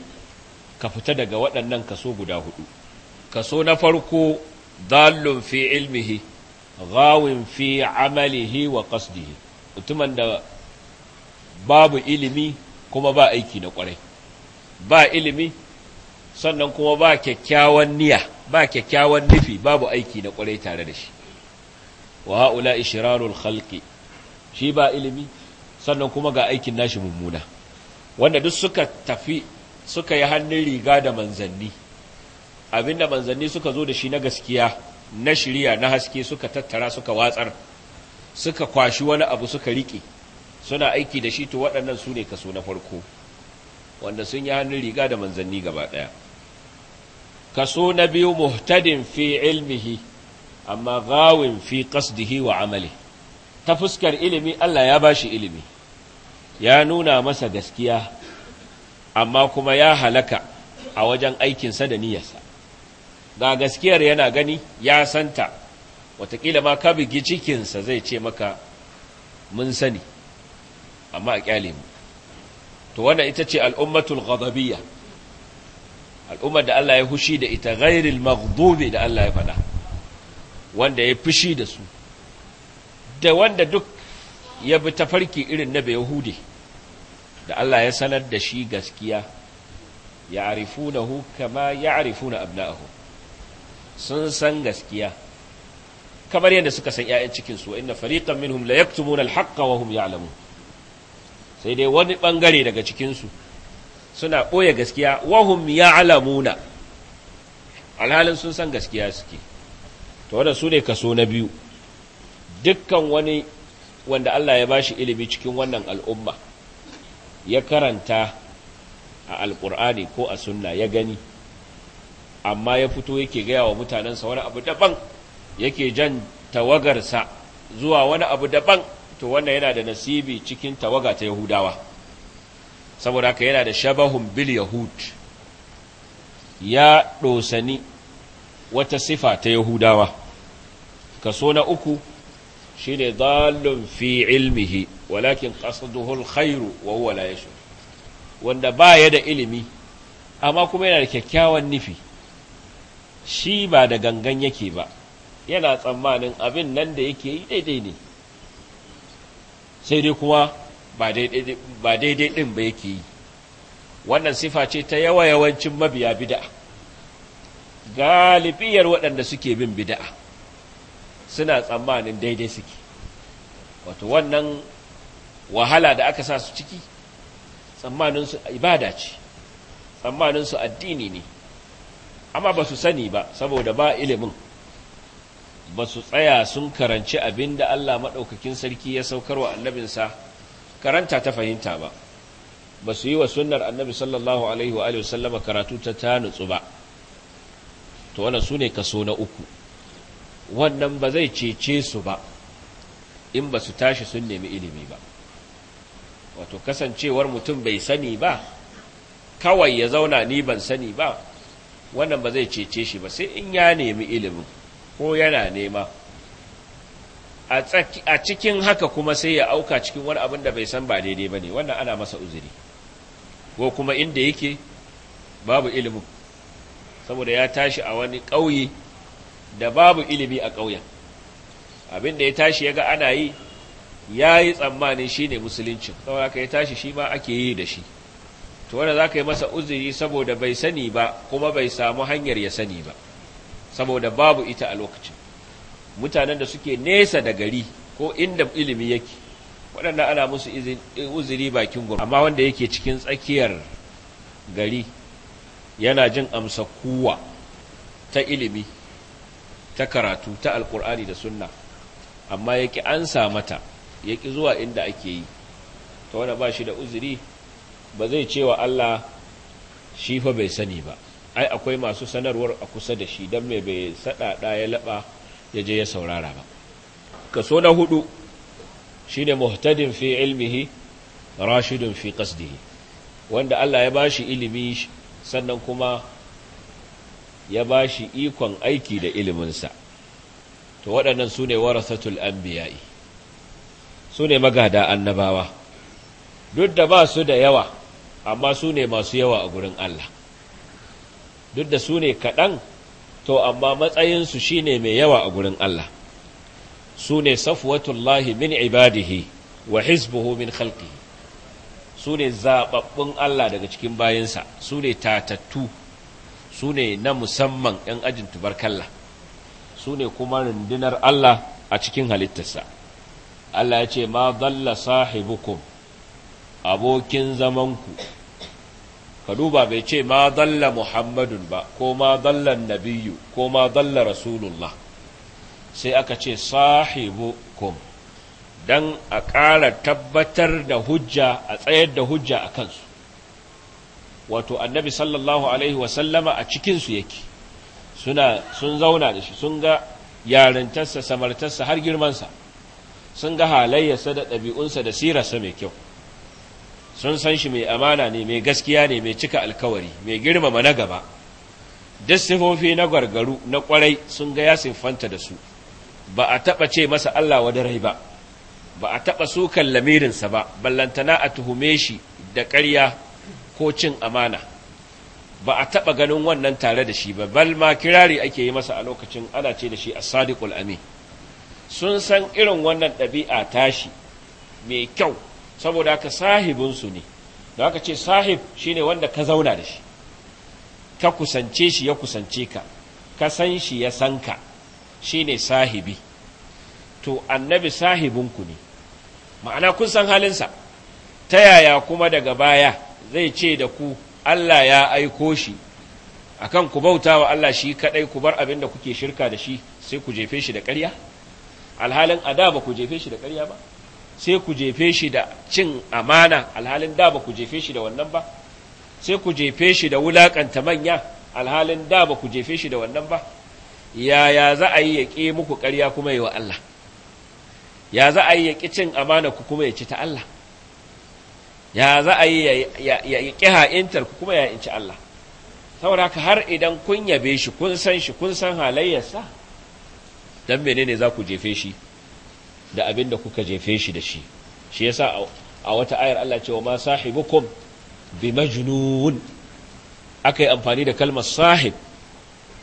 ka fita daga waɗannan kaso guda hudu kaso na farko dallun fi ilmihi ghawin fi amalihi wa qasdihi mutumin da babu ilimi kuma ba aiki na kwarai ba ilimi sannan kuma ba kyakkyawan niyya ba kyakkyawan nufi babu aiki na kwarai tare da shi wa haula ishrarul khalqi shi ba ilimi sannan kuma ga aikin nashi mummuna wanda duk suka tafi suka yi hannun riga da manzanni abinda manzanni suka zo da shi na gaskiya na shirya na haske suka tattara suka watsar suka kwashi wani abu suka riƙe suna aiki da shi to waɗannan su ne kaso na farko wanda sun yi hannun riga da manzanni gaba ɗaya kaso na biyu muhtadin fi ilmihi amma gawin fi qasdihi wa amali ta fuskar ilimi Allah ya bashi ilimi ya nuna masa gaskiya amma kuma ya halaka a wajen aikinsa da niyyarsa ga gaskiyar yana gani ya santa watakila ma ka bigi cikinsa zai ce maka mun sani amma a kyale mu to wannan ita ce al'ummatul ghadabiyya al'ummar da Allah ya hushi da ita ghairil maghdubi da Allah ya faɗa wanda ya fushi da su da wanda duk ya bi tafarki irin na Yahudi da Allah ya sanar da shi gaskiya ya ya kama ya'rifuna abna'ahum sun san gaskiya kamar yadda suka san ‘ya'yan cikinsu inna fariƙan minhum la yaktumuna alhaqqa wa hum ya'lamun sai dai wani ɓangare daga cikinsu suna ɓoye gaskiya wa hum ya'lamuna alhalin sun san gaskiya suke Ta wannan su ne kaso na biyu dukkan wani wanda Allah ya bashi ilimi cikin wannan al'umma ya karanta a alkur'ani ko a sunna ya gani amma ya fito yake gaya wa mutanensa wani abu daban yake jan tawagarsa zuwa wani abu daban to wannan yana da nasibi cikin tawaga ta yahudawa saboda haka yana da shabahun bil yahud ya ɗosani wata sifa ta yahudawa kaso na uku shi ne fi ilmihi walakin qasduhu alkhair wa huwa la yashur wanda baya da ilimi amma kuma yana da kyakkyawan nufi shi ba da gangan yake ba yana tsammanin abin nan da yake yi daidai ne sai dai kuma ba daidai ɗin ba yake yi wannan sifa ce ta yawa yawancin mabiya bida galibiyar waɗanda suke bin bida suna tsammanin daidai suke wato wannan wahala da aka sa su ciki tsammaninsu ibada ce su addini ne amma ba su sani ba saboda ba ilimin ba su tsaya sun karanci abin da Allah maɗaukakin sarki ya saukar wa annabinsa karanta ta fahimta ba ba su yi wa sunnar annabi sallallahu alaihi wa sallama karatu ta ta nutsu ba to wannan su ne kaso na uku wannan ba zai cece su ba in ba su tashi sun nemi ilimi ba wato kasancewar mutum bai sani ba kawai ya zauna ni ban sani ba wannan ba zai cece shi ba sai in ya nemi ilimin ko yana nema a cikin haka kuma sai ya auka cikin wani abin da bai san ba daidai ba ne wannan ana masa uzuri ko kuma inda yake babu ilimin saboda ya tashi a wani ƙauye da babu ilimi a ƙauyen abin da ya tashi ya ga ana yi ya yi tsammani shi ne musuluncin tsawon ka ya tashi shi ma ake yi da shi to wanda za ka yi masa uziri saboda bai sani ba kuma bai samu hanyar ya sani ba saboda babu ita a lokacin mutanen da suke nesa da gari ko inda ilimi yake waɗanda ana musu uziri bakin gurbi amma wanda yake cikin tsakiyar gari yana jin amsa kuwa ta ilimi ta karatu ta alkur'ani da sunna amma yake ansa mata ya ƙi zuwa inda ake yi ta wanda ba shi da uzuri ba zai cewa Allah shi fa bai sani ba ai akwai masu sanarwar a kusa da shi don mai bai saɗaɗa ya laɓa ya je ya saurara ba kaso na hudu shi ne muhtadin fi ilmihi rashidun fi ƙasdihi wanda Allah ya ba shi ilimi sannan kuma ya ba shi ikon aiki da iliminsa to waɗannan su ne warasatul anbiya'i su ne magada annabawa duk da ba su da yawa amma su ne masu yawa a gurin Allah duk da su ne kaɗan to amma matsayinsu shi ne mai yawa a gurin Allah su ne safwatullahi min ibadihi wa hizbuhu min khalqihi su ne zaɓaɓɓun Allah daga cikin bayansa su ne tatattu su ne na musamman ‘yan ajin tubarkalla su ne kuma rundunar Allah a cikin halittarsa Allah ya ce ma dalla sahibukum abokin zamanku ka duba bai ce ma dalla muhammadun ba ko ma dalla nabiyu ko ma dalla rasulullah sai aka ce sahibukum dan a ƙara tabbatar da hujja a tsayar da hujja a kansu wato annabi sallallahu alaihi wasallama a cikinsu yake suna sun zauna da shi sun ga yarintarsa samartarsa har girmansa sun ga halayyarsa da ɗabi'unsa da sirarsa mai kyau sun san shi mai amana ne mai gaskiya ne mai cika alkawari mai girmama na gaba duk sifofi na gwargaru na kwarai sun ga ya fanta da su ba a taɓa ce masa Allah wa rai ba ba a taɓa sukan lamirinsa ba ballantana a tuhume shi da ƙarya ko cin amana ba a taɓa ganin wannan tare da shi ba bal ma kirari ake yi masa a lokacin ana ce da shi as-sadiqul amin sun san irin wannan ɗabi'a tashi mai kyau saboda haka sahibinsu ne da aka ce sahib shine wanda ka zauna da shi ka kusance shi ya kusance ka ka san shi ya san ka shine sahibi to annabi sahibinku ne ma'ana kun san halinsa ta yaya kuma daga baya zai ce da ku Allah ya aiko shi akan ku bauta wa Allah shi kadai ku bar abin da kuke shirka da shi sai ku jefe shi da ƙarya alhalin a da ba ku jefe shi da ƙarya ba sai ku jefe shi da cin amana alhalin da ba ku jefe shi da wannan ba sai ku jefe shi da wulaƙanta manya alhalin da ba ku jefe shi da wannan ba yaya za a yi ya ƙi muku ƙarya kuma yi wa Allah ya za a yi ya ƙi cin amana ku kuma ya ci ta Allah ya za a yi ya ƙi ha'intar ku kuma ya inci Allah saboda har idan kun yabe shi kun san shi kun san halayyarsa dan menene za ku jefe shi da abin da kuka jefe shi da shi shi yasa a wata ayar Allah cewa ma sahibukum bi majnun yi amfani da kalmar sahib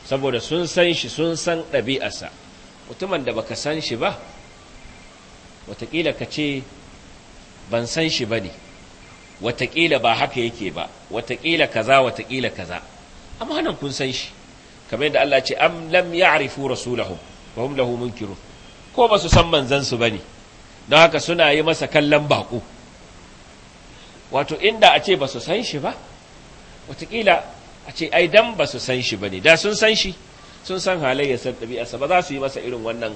saboda sun san shi sun san ɗabi'arsa mutumin da baka san shi ba watakila ka ce ban san shi ba ne watakila ba haka yake ba watakila kaza watakila kaza amma nan kun san shi kamar yadda Allah ce am lam ya'rifu rasulahum wa hum lahu ko ba su san manzon su bane don haka suna yi masa kallon baƙo wato inda a ce ba su san shi ba watakila a ce ai ba su san shi bane da sun san shi sun san halayya san ɗabi'arsa ba za su yi masa irin wannan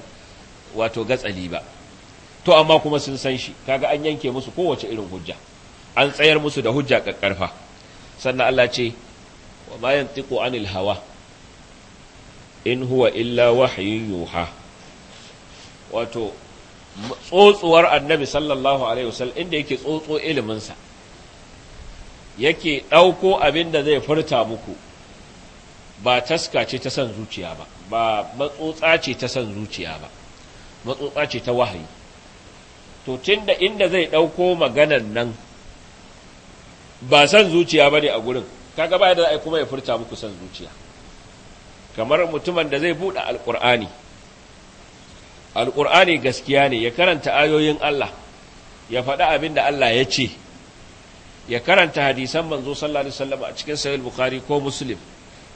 wato gatsali ba to amma kuma sun san shi kaga an yanke musu kowace irin hujja an tsayar musu da hujja ƙaƙƙarfa sannan Allah ce wa bayan yantiqu anil hawa in huwa illa wahayin yuha wato tsotsuwar annabi sallallahu alaihi wasallam inda yake tsotso iliminsa yake ɗauko abin da zai furta muku ba taska ce ta son zuciya ba ba matsotsa ce ta son zuciya ba matsotsa ce ta wahayi to tunda inda zai ɗauko maganan nan ba son zuciya ba ne a gurin kaga ba da za a kuma ya furta muku son zuciya kamar mutumin da zai buɗe alƙur'ani alƙur'ani gaskiya ne ya karanta ayoyin Allah ya faɗi abin da Allah ya ce ya karanta hadisan manzo sallallahu alaihi wasallam a cikin sahih bukhari ko muslim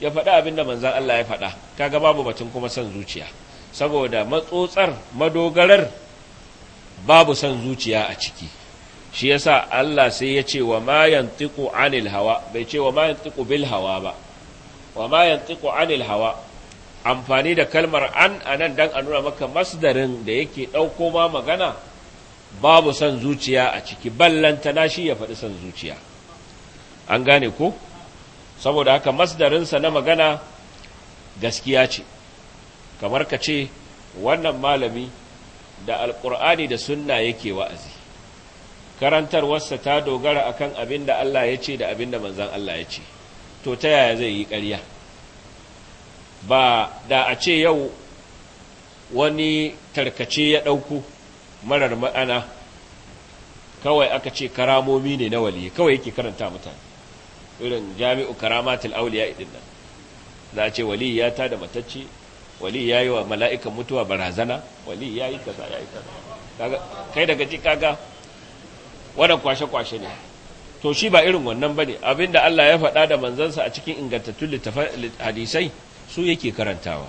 ya faɗi abin da manzon Allah ya faɗa kaga babu batun kuma san zuciya saboda matsotsar madogarar babu san zuciya a ciki shi yasa Allah sai ya ce wa ma yantiqu anil hawa bai ce wa ma yantiqu bil hawa ba wa ma yantiqu anil hawa amfani da kalmar an anan dan a nuna maka masdarin da yake dauko ma magana babu son zuciya a ciki na shi ya faɗi son zuciya an gane ko saboda haka masdarinsa na magana gaskiya ce kamar ka ce wannan malami da alƙur'ani da sunna yake wa'azi karantarwarsa ta dogara akan abin da Allah ya ce da abin da manzan Allah ya ce to ta yaya zai yi ƙarya ba da a ce yau wani tarkace ya ɗauku marar ma'ana kawai aka ce karamomi ne na waliyi kawai yake karanta mutane irin jami'u karamatul auliya idin nan za a ce waliyi ya tada matacce waliyi ya yi wa mala'ikan mutuwa barazana waliyi ya yi kaza ya yi kaza kai daga ji kaga wannan kwashe-kwashe ne to shi ba irin wannan bane abinda Allah ya faɗa da manzansa a cikin ingantattun hadisai su yake karantawa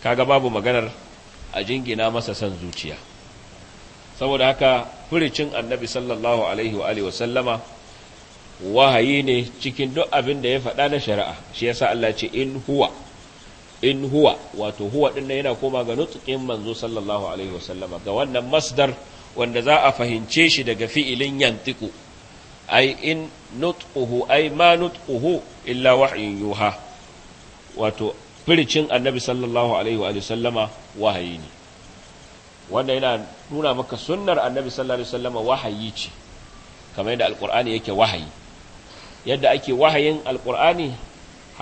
kaga babu maganar a jingina masa san zuciya saboda haka furicin annabi sallallahu alaihi wa wahayi ne cikin duk abin da ya faɗa na shari'a shi yasa Allah ce in huwa in huwa wato huwa din yana koma ga nutsukin manzo sallallahu alaihi sallama ga wannan masdar wanda za a fahimce shi daga fi'ilin yantiku ai in nutquhu ai ma nutquhu illa wahyin yuha wato firicin annabi sallallahu alaihi wa sallama wahayini. wanda yana nuna maka sunnar annabi sallallahu alaihi wa sallama wahayi ce kamar yadda alqur'ani yake wahayi yadda ake wahayin alqur'ani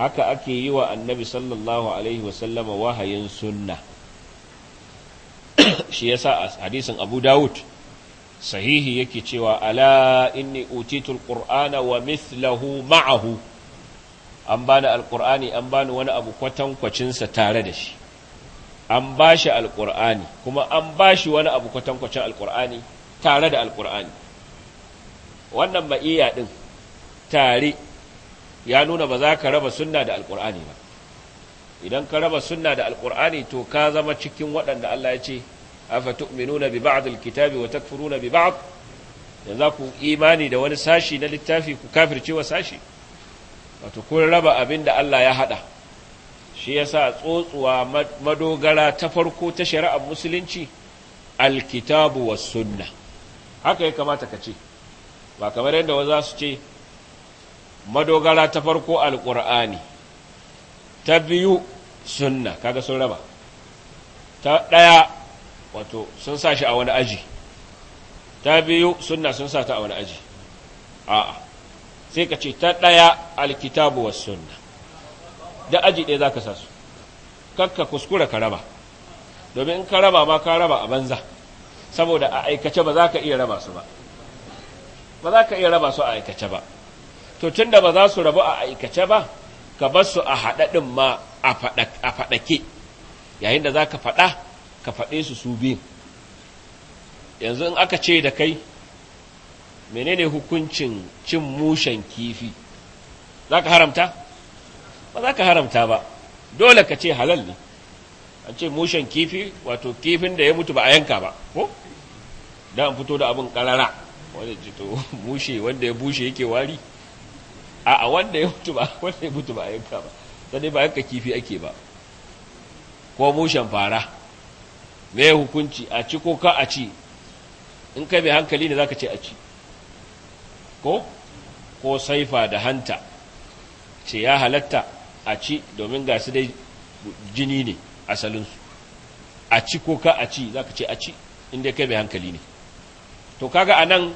haka ake yi wa annabi sallallahu alaihi wa sallama wahayin sunna shi yasa hadisin abu dawud sahihi yake cewa ala inni utitul qur'ana wa mithlahu ma'ahu an bani alqur'ani an bani wani abu kwatan kwacinsa tare da shi an bashi alqur'ani kuma an bashi wani abu kwatan kwacin alqur'ani tare da alqur'ani wannan ma'iya din tare ya nuna ba za ka raba sunna da alqur'ani ba idan ka raba sunna da alqur'ani to ka zama cikin waɗanda Allah ya ce afatu'minuna bi ba'd alkitabi wa takfuruna bi ba'd yanzu ku imani da wani sashi na littafi ku kafirce wa sashi wato kun raba abin da Allah ya haɗa. shi yasa tsotsuwa madogara ta farko ta shari'ar musulunci alkitabu was sunna haka ya kamata ka ce ba kamar yadda wazasu ce madogara ta farko alkur'ani ta biyu sunna kaga sun raba ta ɗaya wato sun sa shi a wani aji ta biyu sunna sun sa ta a wani aji a'a sai ka ce ta ɗaya alkitabu wa suna da aji ɗaya za ka sa su kakka kuskura ka raba domin in ka raba ma ka raba a banza saboda a aikace ba za ka iya raba su ba ba za ka iya raba su a aikace ba to tun da ba za su rabu a aikace ba ka bar su a haɗaɗin ma a faɗake yayin da za ka faɗa ka faɗe su su biyun yanzu in aka ce da kai menene hukuncin cin mushen kifi za ka haramta ba za ka haramta ba dole ka ce halal ne an ce mushen kifi wato kifin da ya mutu ba a yanka ba ko da an fito da abin ƙarara, wanda jito *laughs* mushe wanda ya bushe yake wari a a wanda ya mutu ba *laughs* wanda ya mutu ba a yanka ba sannan ba yanka kifi ake ba ko mushen fara me hukunci a ci ko ka a ci in ka mai hankali ne zaka ce a ci ko ko saifa da hanta ce ya halatta a ci domin ga su dai jini ne asalinsu a ci ko ka a ci za ka ce a ci inda ka mai hankali ne to kaga a anan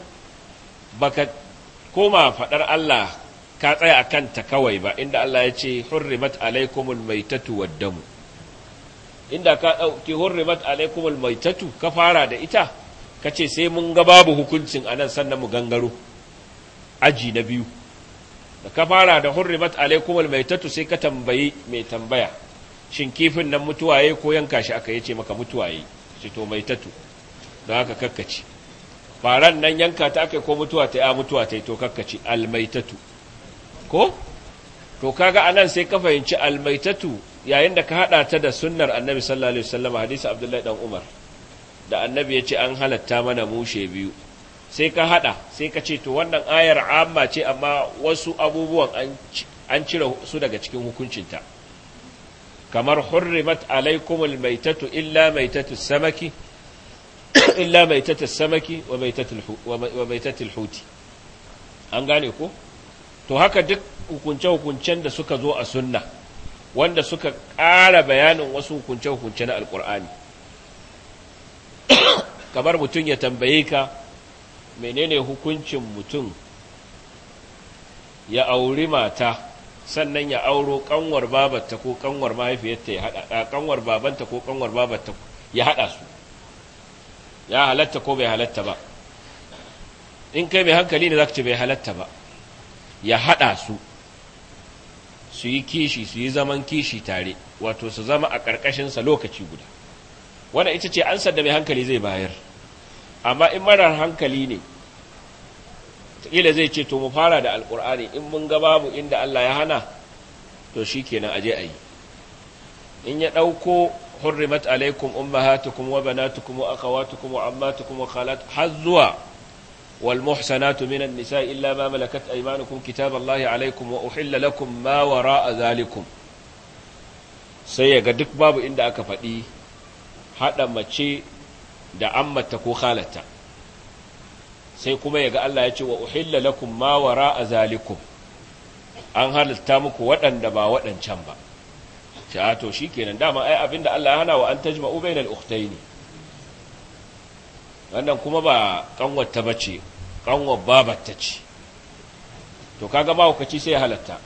baka koma fadar Allah ka tsaya a kanta kawai ba inda Allah ya ce hurrimat alaikumul maitatu wa damu inda ka ɗauki hurrimat alaikumul maitatu ka fara da ita ka ce sai mun ga babu hukuncin a nan sannan mu gangaro aji na biyu da ka fara da hurrimat alaikumul maitatu sai ka tambayi mai tambaya shin kifin nan mutuwaye ko yanka shi aka yace maka mutuwaye shi to maitatu don haka kakkaci faran nan yanka ta aka ko mutuwa ta ya mutuwa ta to kakkaci almaitatu ko to kaga anan sai ka fahimci almaitatu yayin da ka haɗa ta da sunnar annabi sallallahu alaihi wasallam hadisi abdullahi dan umar da annabi ya ce an halatta mana mushe biyu sai ka haɗa sai ka ce to wannan ayar amma ce amma wasu abubuwan an cire su daga cikin hukuncinta kamar hurrimat alaikumul maitatu illa maitatu samaki *coughs* illa maitatu samaki wa maitatul huti an gane ko to haka duk hukunce-hukuncen da suka zo a sunna wanda suka ƙara bayanin wasu hukunce-hukunce na Alƙur'ani *coughs* kamar mutum ya tambaye ka menene hukuncin mutum ya auri mata sannan ya auro kanwar babarta ko kanwar mahaifiyarta ya hada kanwar babanta ko kanwar babarta ya haɗa su ya halatta ko bai halatta ba in kai mai hankali ne ka ce bai halatta ba ya haɗa su su yi kishi su yi zaman kishi tare wato su zama a sa lokaci guda wannan ita ce ansar da mai hankali zai bayar amma in mara hankali ne ƙila zai ce to mu fara da alƙur'ani in mun ga babu inda Allah ya hana to shi kenan aje a yi in ya ɗauko hurrimat alaikum ummahatukum wa banatukum wa akhawatukum wa ammatukum wa khalat har zuwa والمحسنات من النساء إلا ما ملكت أيمانكم كتاب الله عليكم وأحل لكم ما وراء ذلكم سيغا دك باب إن دا أكفتي حتى ما تشي دا أما تكو خالتا سيكما يغا الله يتشي وأحل لكم ما وراء ذلكم an halitta muku waɗanda ba waɗancan ba sha'ato shi kenan dama ai abinda Allah ya hana wa an tajma'u bainal ukhtaini wannan kuma ba kanwata ba ce kanwar babatta ce to kaga mahaukaci sai ya halatta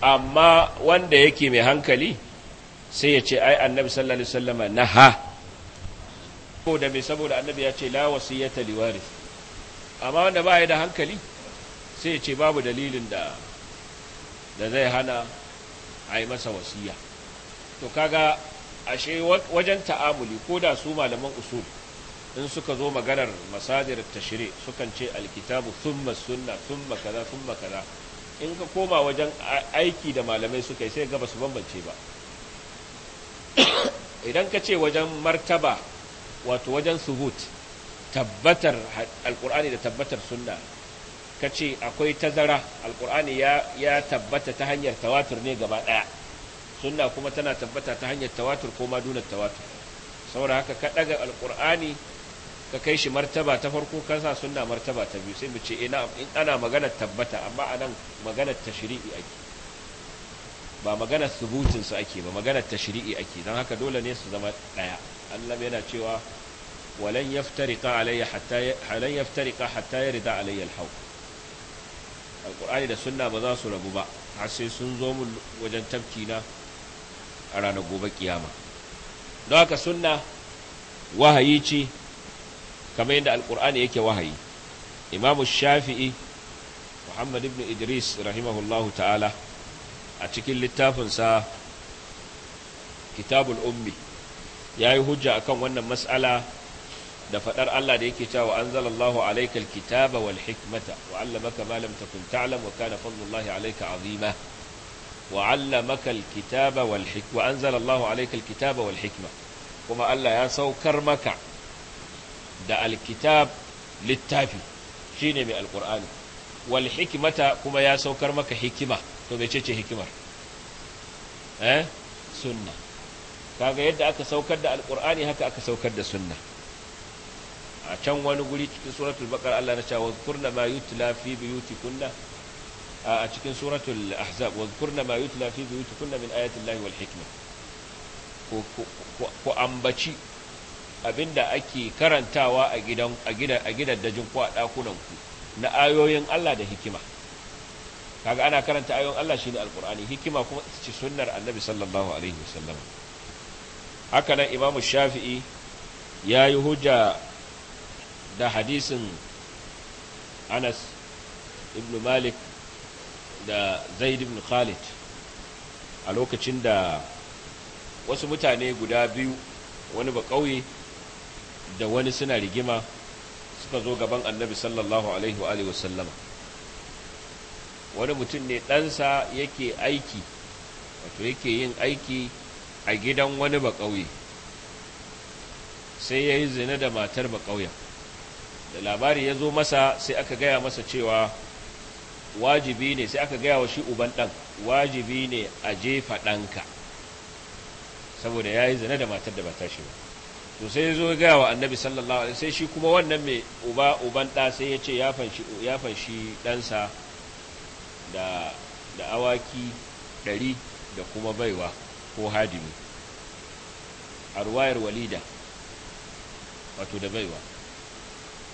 amma wanda yake mai hankali sai ya ce ai annabi sallallahu alaihi wasallama naha ko da mai saboda annabi ya ce la wasiyata liwari amma wanda ba ya da hankali sai ya ce babu dalilin da da zai hana a yi masa wasiya to kaga ashe wajen ta'amuli ko da su malaman usul in suka zo maganar masadir tashri sukan ce alkitabu thumma sunna thumma kaza thumma kaza in ka koma wajen aiki da malamai suka yi sai ga ba su bambance ba *coughs* idan ka ce wajen martaba wato wajen subut tabbatar alkur'ani da tabbatar sunna ka ce akwai tazara alkur'ani ya tabbata ta hanyar tawatur ne gaba ɗaya sunna kuma tana tabbata ta hanyar tawatur ko ma duna tawatur saboda haka ka ɗaga alkur'ani ka kai shi martaba ta farko kasa sa suna martaba ta biyu sai mu ce ina in ana magana tabbata amma anan magana shiri'i ake ba magana subutin ake ba magana shiri'i ake don haka dole ne su zama ɗaya. Allah yana cewa walan yaftariqa alayya hatta halan yaftariqa hatta yarda alayya alhaw alqur'ani da sunna ba za su rabu ba har sai sun zo mun wajen tafki na a ranar gobe kiyama don haka sunna wahayi ce kamar yadda alkur'ani yake wahayi imamu shafi'i muhammad ibn idris rahimahullahu ta'ala a cikin littafinsa kitabul ummi ya yi hujja akan wannan mas'ala da faɗar Allah da yake cewa anzalallahu alayka alkitaba wal hikmata wa 'allamaka ma lam takun ta'lam wa kana fadlullahi alaika 'azima wa 'allamaka alkitaba wal hikma wa anzalallahu alayka alkitaba wal hikma kuma Allah ya saukar maka da alkitab littafi shine mai Alƙur'ani. wal hikimata kuma ya saukar maka hikima to mece ce hikimar eh sunna kaga yadda aka saukar da Alƙur'ani haka aka saukar da sunna a can wani guri cikin suratul baqara Allah na cewa kurna ma yutla fi kunna? a cikin suratul ahzab wazkurna ma yutla fi kunna min ayati llahi wal hikma ko ambaci abinda ake karantawa a gidan a gidan a dajin ku a dakunan ku na ayoyin Allah da hikima kaga ana karanta ayoyin Allah shine alqur'ani hikima kuma ita ce sunnar annabi sallallahu alaihi wasallam haka nan imamu shafi'i ya yi hujja da hadisin anas ibn malik da zaid ibn khalid a lokacin da wasu mutane guda biyu wani ba ƙauye da wani suna rigima suka zo gaban annabi sallallahu alaihi wa alihi wasallama wani mutum ne ɗansa yake aiki wato yake yin aiki a gidan wani baƙauye sai ya yi zina da matar baƙauyen da labari ya zo masa sai aka gaya masa cewa wajibi ne sai aka gaya wa shi uban ɗan wajibi ne a jefa ɗanka saboda ya yi zina da matar da ba ta shi ba to sai zo ga wa annabi sallallahu alaihi sai shi kuma wannan mai uba uban da sai ya ce ya fanshi ya fanshi ɗansa da da awaki ɗari da kuma baiwa ko hadimi a ruwayar walida wato da baiwa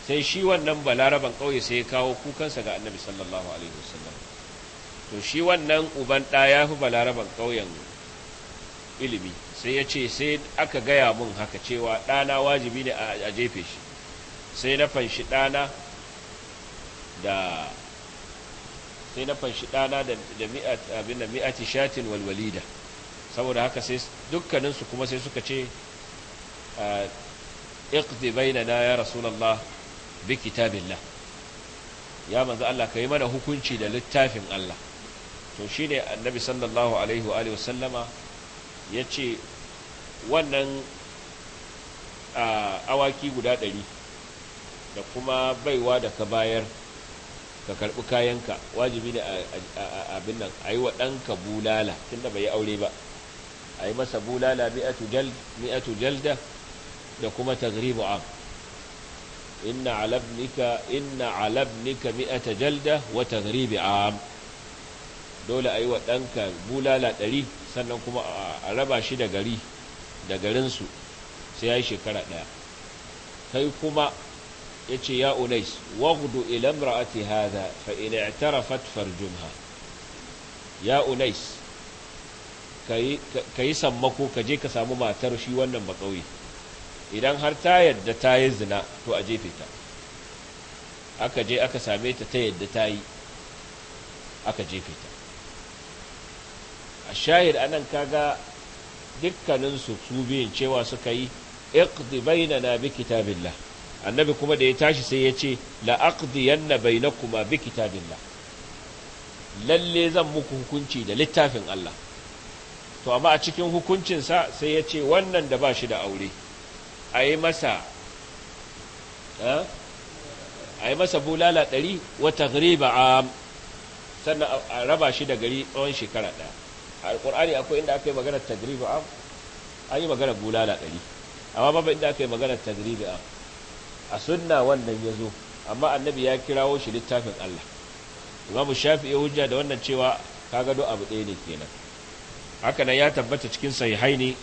sai shi wannan balaraban ƙauye sai ya kawo kukansa ga annabi sallallahu alaihi wasallam to shi wannan uban ɗa ya fi balaraban ƙauyen ilimi sai ya ce sai aka gaya mun haka cewa ɗana wajibi ne a jefe shi sai na fanshi ɗana da sai na fanshi ɗana da abin da mi'ati shatin walwalida saboda haka sai dukkaninsu kuma sai suka ce iqdi na ya rasulullah bi kitabillah ya manzo Allah ka yi mana hukunci da littafin Allah to shine annabi sallallahu alaihi wa alihi wasallama ce. wannan awaki guda ɗari da kuma baiwa da ka bayar ka karɓi kayanka wajibi ne abin nan a yi wa ɗanka bulala tunda bai yi aure ba a yi masa bulala mi'atu jalda da kuma tagribu am inna alabnika inna alabnika mi'ata jalda wa tagribi am dole a yi wa ɗanka bulala ɗari sannan kuma a raba shi da gari da garinsu sai ya yi shekara ɗaya kai kuma ya ce ya unais waghdu ila imra'ati hada fa in fatfar jumha ya unais ka yi sammako ka je ka samu matar shi wannan bakauye idan har ta yadda ta yi zina to a jefe ta aka je aka same ta ta yadda ta yi aka jefe ta a shahid anan kaga dukkaninsu su biyun cewa suka yi iqdi bainana bi kitabillah annabi kuma da ya tashi sai ya ce la yanna bainakuma bi kitabillah lalle zan muku hukunci da littafin Allah to amma a cikin hukuncin sa sai ya ce wannan da ba shi da aure a yi masa a yi masa bulala ɗari wata gari sannan a raba shi da gari tsawon shekara ɗaya Alƙur'ani, akwai inda aka yi maganar tagribi am an yi maganar bulala ɗari amma babu inda aka yi maganar tagribi am a sunna wannan ya zo amma annabi ya kirawo shi littafin Allah imamu shafi ya hujja da wannan cewa ka gado abu ɗaya ne kenan haka nan ya tabbata cikin sahihai ne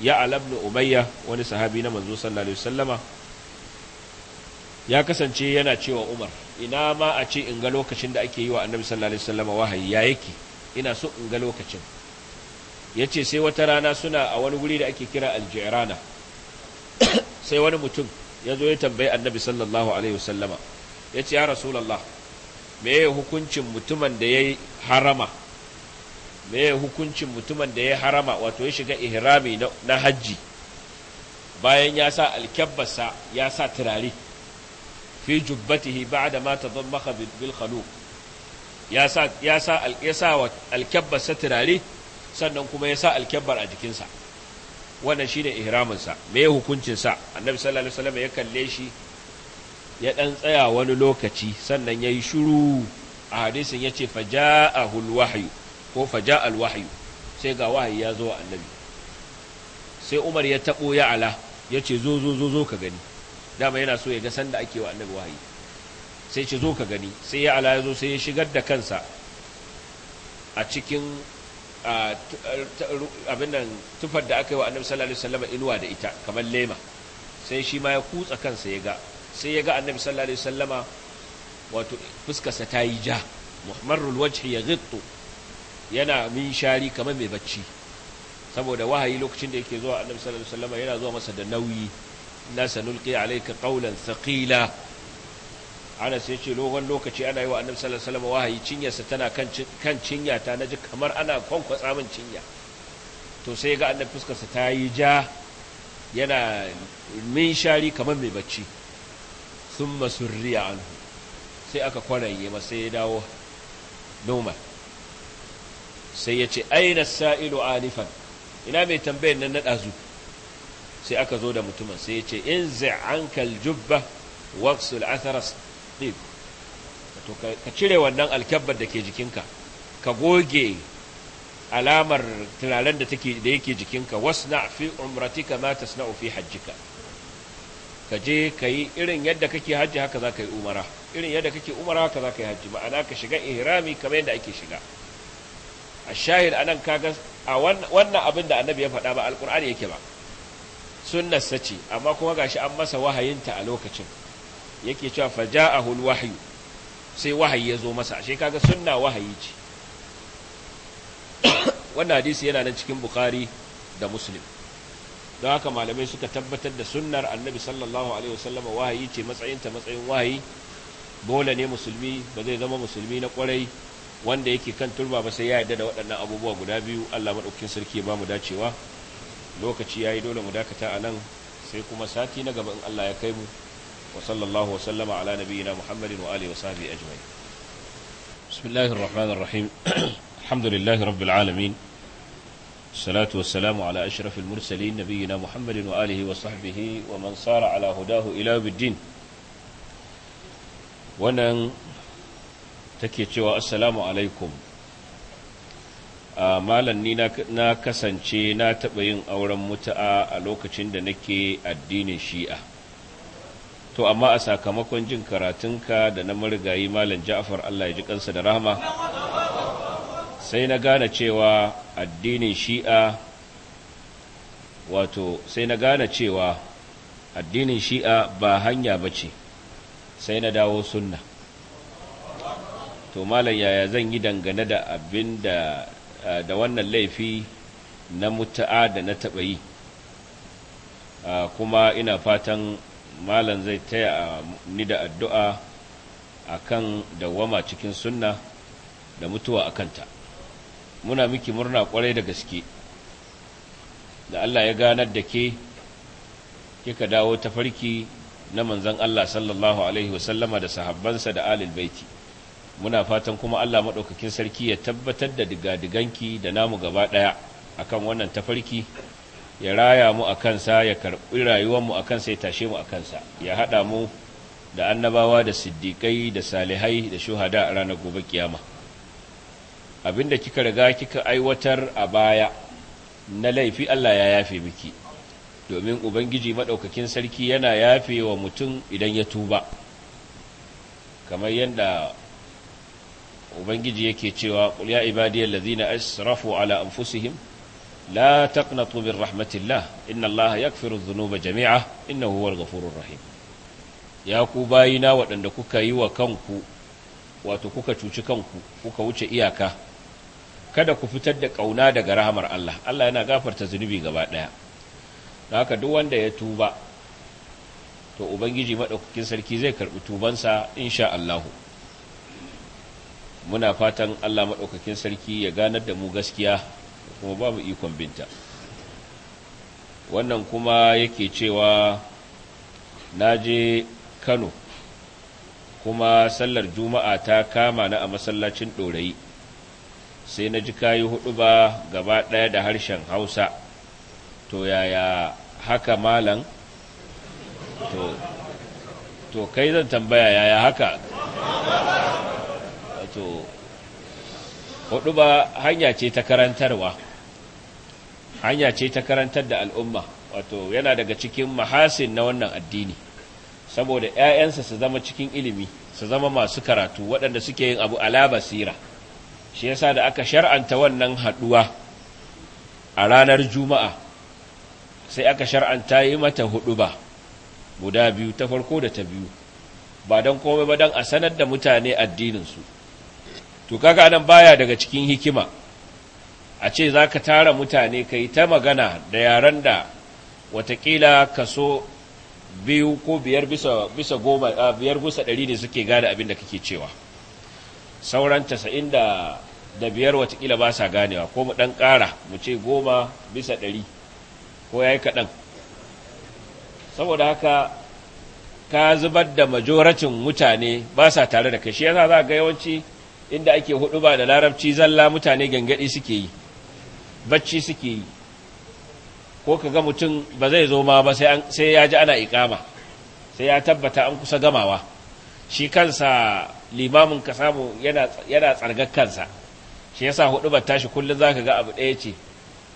ya alabnu umayya wani sahabi na manzo sallallahu alaihi wasallama ya kasance yana cewa umar ina ma a ce in ga lokacin da ake yi wa annabi sallallahu alaihi wasallama wahayi ya yake ina so in ga lokacin ya ce sai wata rana suna a wani wuri da ake kira aljerana *coughs* sai wani mutum ya zo ya tambayi annabi sallallahu alaihi wasallama ya ce ya rasulallah meye hukuncin mutumin da ya yi harama meye hukuncin mutumin da ya yi harama wato ya shiga ihrami na hajji bayan ya sa alkyabbasa ya sa turare fi jubbatihi ba'da ma tadammaha bil khaluq ya sa ya sa alkyabbasa turare sannan kuma ya sa alkyabbar a jikinsa wannan shi ne ihraminsa me hukuncinsa annabi sallallahu alaihi wasallam ya kalle shi ya dan tsaya wani lokaci sannan ya yi shuru a hadisin ya ce faja'ahu alwahyu ko Faja'al alwahyu sai ga wahayi ya zo wa annabi sai Umar ya tabo ya ala ya ce zo zo zo zo ka gani dama yana so ya ga sanda ake wa annabi wahayi sai ce zo ka gani sai ya ala ya zo sai ya shigar da kansa a cikin abin nan tufar da aka yi wa annabi sallallahu alaihi wasallam inuwa da ita kamar lema sai shi ma ya kutsa kansa ya ga sai ya ga annabi sallallahu alaihi wasallam wato fuskarsa ta yi ja muhammarul wajhi ya gittu yana min shari kamar mai bacci saboda wahayi lokacin da yake zuwa annabi sallallahu alaihi wasallam yana zuwa masa da nauyi na sanulqi alayka qawlan thaqila anas ya ce logon lokaci ana yi wa annabi sallallahu alaihi wasallam wahayi cinyarsa tana kan cinya ta naji kamar ana kwankwatsa min cinya to sai ga annabi fuskarsa ta yi ja yana min shari kamar mai bacci sun masurriya anhu sai aka kwaraye masa ya dawo noma sai ya ce aina sa'ilu anifan ina mai tambayar nan na ɗazu sai aka zo da mutumin sai ya ce in zai ankal jubba waksul atharas to ka cire wannan alkabbar da ke jikinka ka goge alamar tunanen da take da yake jikinka wasna fi umratika ma tasna'u fi hajjika ka je ka yi irin yadda kake hajji haka za ka yi umara irin yadda kake umara haka za ka yi hajji ma'ana ka shiga ihrami kamar yadda ake shiga a shahid anan kaga a wannan abin da annabi ya faɗa ba alƙur'ani yake ba sunnar sace amma kuma gashi an masa wahayinta a lokacin yake cewa faja'ahu alwahyu sai wahayi ya zo masa ashe kaga sunna wahayi ce *coughs* wannan hadisi yana nan cikin bukhari da muslim don haka malamai suka tabbatar da sunnar annabi sallallahu alaihi wasallam wahayi ce matsayin ta matsayin wahayi dole ne musulmi ba zai zama musulmi na kwarai wanda yake kan turba ba sai ya yarda da waɗannan abubuwa guda biyu Allah madaukin sarki ba mu dacewa lokaci yayi dole mu dakata a nan sai kuma sati na gaba in Allah ya kai mu wa sallallahu wa sallama ala nabiyyina muhammadin wa alihi wa sahbihi ajma'in bismillahir rahmanir rahim *clears throat* alhamdulillahi rabbil الصلاة والسلام على أشرف المرسلين نبينا محمد وآله وصحبه ومن صار على هداه إلى بالدين wannan take cewa assalamu alaikum a malam ni na kasance na taɓa yin auren mutu'a a lokacin da nake addinin shi'a to amma a sakamakon jin karatunka da na marigayi malam ja'far Allah ya ji kansa da rahama sai na gane cewa addinin shi'a wato sai na gane cewa addinin shi'a ba hanya ba ce sai na dawo sunna to malam yaya zan yi dangane da abin da da wannan laifi na muta'a da na taɓa yi kuma ina fatan malam zai taya ni da addu'a a kan dawama cikin sunna da mutuwa a kanta. muna miki murna kwarai da gaske da Allah ya ganar da ke kika dawo ta farki na manzon Allah sallallahu alaihi wasallama da sahabbansa da alil baiti muna fatan kuma Allah maɗaukakin sarki ya tabbatar da diga-diganki da namu gaba ɗaya a kan wannan tafarki ya raya mu a kansa ya karɓi rayuwarmu a kansa ya tashe mu a kansa ya haɗa mu da annabawa da siddiƙai da salihai da shuhada a ranar gobe kiyama abinda kika riga kika aiwatar a baya na laifi Allah ya yafe miki domin ubangiji maɗaukakin sarki yana yafe wa mutum idan ya tuba kamar yadda ubangiji yake cewa ƙulya ibadiyar lazina asrafu ala anfusihim la تقنطوا من rahmatillah inna إن الله dhunuba jami'a جميعا إنه هو الغفور الرحيم يا bayina waɗanda kuka yi wa kanku wato kuka cuci kanku kuka wuce iyaka kada ku fitar da kauna daga rahamar Allah Allah yana gafarta zunubi gaba daya haka duk wanda ya tuba to ubangiji madaukakin sarki zai karɓi tubansa insha Allah muna fatan Allah madaukakin sarki ya ganar da mu gaskiya kuma babu ikon binta wannan kuma yake cewa na je kano kuma sallar juma'a ta kama na a masallacin ɗorayi sai na ji kayi hudu ba gaba ɗaya da harshen hausa to yaya haka malam to, kai zan tambaya yaya haka hudu ba hanya ce ta karantarwa hanya ce ta karantar da al'umma wato yana daga cikin mahasin na wannan addini saboda 'ya'yansa su zama cikin ilimi su zama masu karatu waɗanda suke yin abu ala basira shi yasa da aka shar'anta wannan haɗuwa a ranar juma'a sai aka shar'anta yi mata hudu ba guda biyu ta farko da ta biyu ba don komai ba don a sanar da mutane addininsu to kaga anan baya daga cikin hikima a ce za ka tara mutane ka yi ta magana da yaren da watakila kaso biyu ko biyar bisa goma biyar gusa ɗari ne suke gane abin da kake cewa sauran tasa'in da da biyar watakila ba sa ganewa ko mu ɗan ƙara mu ce goma bisa ɗari ko ya yi kaɗan saboda haka ka zubar da majoracin mutane ba sa tare da kai shi yasa za ga yawanci inda ake hudu ba da larabci zalla mutane gangadi suke yi bacci suke yi ko ka ga mutum ba zai zo ma ba sai ya ji ana ikama sai ya tabbata an kusa gamawa shi kansa limamin ka samu yana tsargar kansa shi yasa hudu ba tashi kullum zaka ga abu ɗaya ce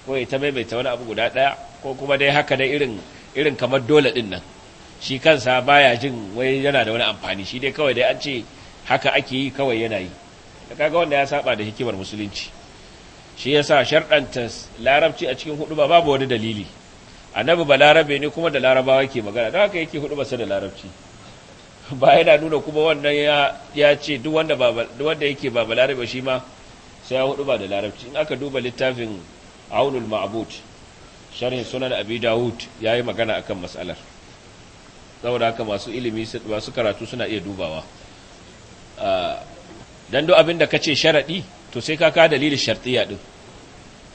ko ya ta maimaita wani abu guda ɗaya ko kuma dai haka dai irin irin kamar dole din nan shi kansa baya jin wai yana da wani amfani shi dai kawai dai an ce haka ake yi kawai yana yi da kaga wanda ya saba da hikimar musulunci shi yasa sharɗanta larabci a cikin hudu ba babu wani dalili annabi ba larabe ne kuma da larabawa ke magana don haka yake hudu ba da larabci *laughs* ba yana nuna kuma wannan ya ce duk wanda yake ba balarabe shi ma sai ya hudu ba da larabci in aka duba littafin aunul ma'bud sharhin sunan abi dawud ya yi magana akan matsalar saboda haka masu ilimi masu karatu suna iya dubawa ah, dan duk abin da ka ce sharaɗi to sai ka ka dalilin shartiya ɗin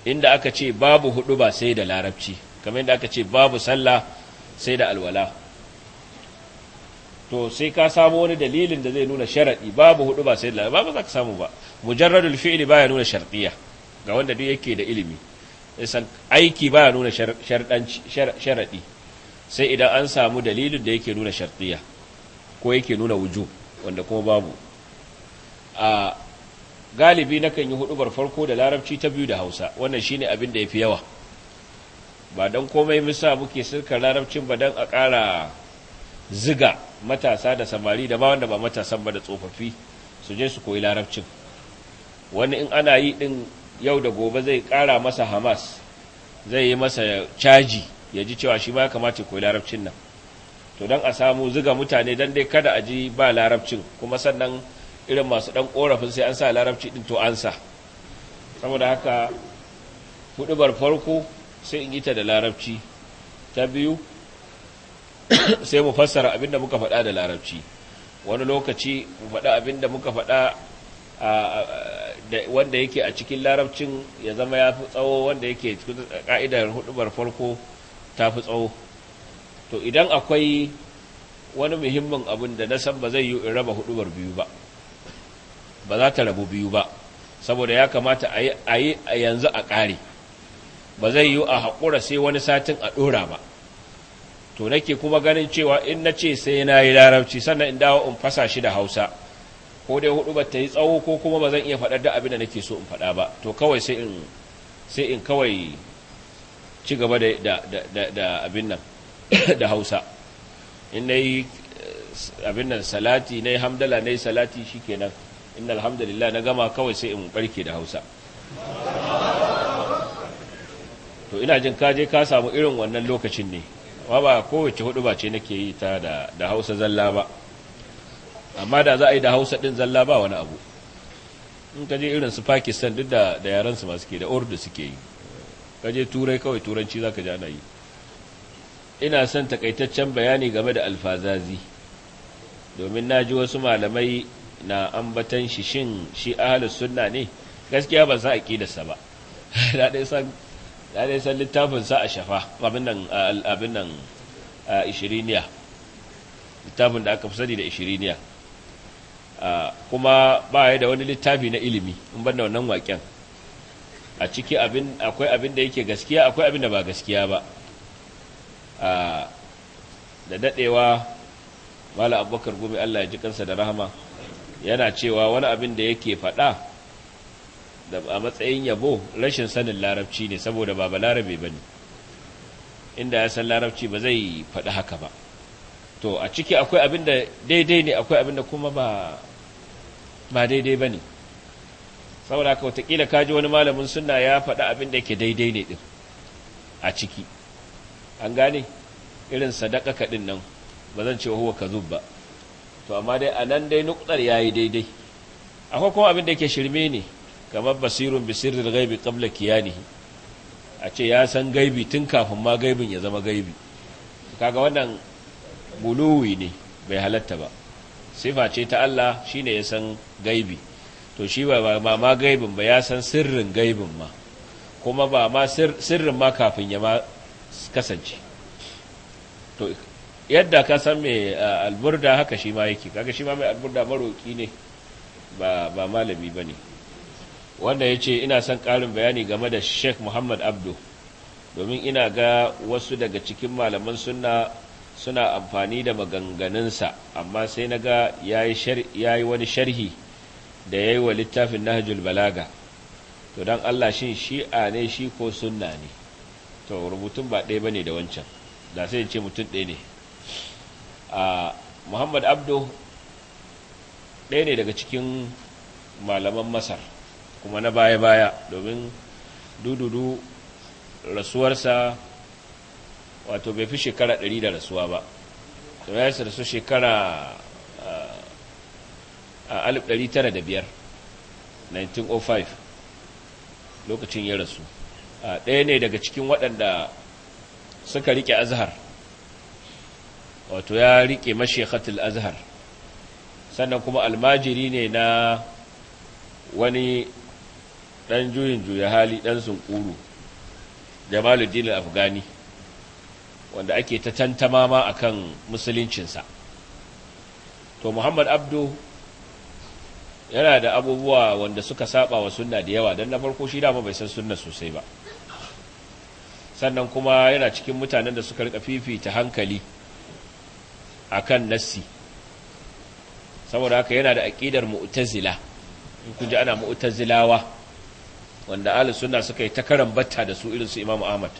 inda aka ce babu hudu ba sai da larabci kamar inda aka ce babu sallah sai da alwala to sai ka samu wani dalilin da zai nuna sharaɗi babu hudu ba sai da larabci ba za ka samu ba mujarradul fi'li baya nuna shartiya ga wanda duk yake da ilimi san aiki baya nuna sharaɗi sai idan an samu dalilin da yake nuna shartiya ko yake nuna wujub wanda kuma babu a galibi nakan yi hudubar farko da larabci ta biyu da hausa wannan shine abin da ya fi yawa ba don komai misa muke sirkar larabcin ba don a kara ziga matasa da samari da ba wanda ba matasan ba da tsofaffi su je su koyi larabcin wani in ana yi ɗin yau da gobe zai kara masa hamas zai yi masa caji ya ji cewa shi ma ya kamata koyi larabcin nan to don a samu ziga mutane don dai kada a ji ba larabcin kuma sannan irin masu ɗan ƙorafin sai an sa larabci ɗin to an sa saboda haka huɗubar farko sai in yi da larabci ta biyu *coughs* sai mu fassara abinda muka faɗa da larabci wani lokaci mu faɗa abinda muka faɗa wanda yake a cikin larabcin ya zama ya fi tsawo wanda yake ka'idar huɗubar farko ta fi tsawo to idan akwai wani muhimmin abin da na san ba zai yi in raba huɗubar biyu ba ba za ta rabu biyu ba saboda ya kamata a yi a yanzu a ƙare ba zai yi a haƙura sai wani satin a ɗora ba to nake kuma ganin cewa in na ce sai na yi larabci sannan in dawo in fasa shi da hausa ko dai hudu ba ta yi tsawo ko kuma ba zan iya faɗar da abin da nake so in faɗa ba to kawai sai in sai in kawai ci gaba da da abin nan *coughs* da hausa in na yi eh, abin nan salati na yi hamdala na yi salati shi kenan inna alhamdulillah na gama kawai sai in barke da hausa to ina jin ka je ka samu irin wannan lokacin ne ba ba kowace hudu ba ce nake yi ta da da hausa zalla ba amma da za a yi da hausa din zalla ba wani abu in ka je irin su pakistan duk da da yaran su masu ke da urdu suke yi ka je turai kawai turanci zaka ji ana yi ina son takaitaccen bayani game da alfazazi domin na ji wasu malamai na ambatan shi shin shi ahlus sunna ne gaskiya ba za a sa ba da dai san da dai san littafin sa a shafa abin nan abin nan ishiriniya littafin da aka fi sani da ishiriniya kuma ba ya da wani littafi na ilimi in ban da wannan waken a ciki abin akwai abin da yake gaskiya akwai abin da ba gaskiya ba da dadewa mala abubakar gumi Allah ya ji kansa da rahama yana cewa wani abin da yake faɗa da a matsayin yabo rashin sanin larabci ne saboda ba balarabe ba ne inda ya san larabci ba zai faɗi haka ba to a ciki akwai abin da daidai ne akwai abin da kuma ba ba daidai ba ne saboda haka watakila kaji wani malamin suna ya faɗi abin da yake daidai ne ɗin a ciki an gane irin sadaka kaɗin nan ba zan ce huwa ka ba to amma dai a nan dai nukdar ya yi daidai akwai kuma abin da yake shirme ne kamar basirun bisirin gaibi kabla kiyanihi a ce ya san gaibi tun kafin ma gaibin ya zama gaibi kaga wannan guluwi ne bai halatta ba sifa ce ta Allah shine ya san gaibi to shi ba ma ma gaibin ba ya san sirrin gaibin ma kuma ba ma sirrin ma kafin ya ma kasance to yadda ka san mai alburda haka shi ma yake kaga shi ma mai alburda maroki ne ba ba malami bane wanda yace ina son karin bayani game da Sheikh Muhammad Abdu domin ina ga wasu daga cikin malaman sunna suna amfani da maganganunsa amma sai na ga ya yi wani sharhi da ya yi wa littafin nahajul balaga to don Allah shin shi'a ne shi ko sunna ne to rubutun ba ɗaya ba ne da wancan da sai ce mutum ɗaya ne muhammad abdu ɗaya ne daga cikin malaman masar kuma na baya-baya domin dududu rasuwarsa wato bai fi shekara ɗari da rasuwa ba to ya rasu shekara a biyar 1905 lokacin ya rasu ɗaya ne daga cikin waɗanda suka rike azhar wato ya rike mashekatul azhar sannan kuma almajiri ne na wani dan juyin juya hali ɗan sunkuru jamaluddin afghani wanda ake ta tantama ma kan musuluncinsa to muhammad abdu yana da abubuwa wanda suka saba wa sunna da yawa don na farko shi dama bai san sunna sosai ba sannan kuma yana cikin mutanen da suka rika fifita hankali akan nassi saboda haka yana da aƙidar mu'tazila in kun ji ana mu'tazilawa wanda ahlus sunna suka yi ta karambata da su irin su Imam Ahmad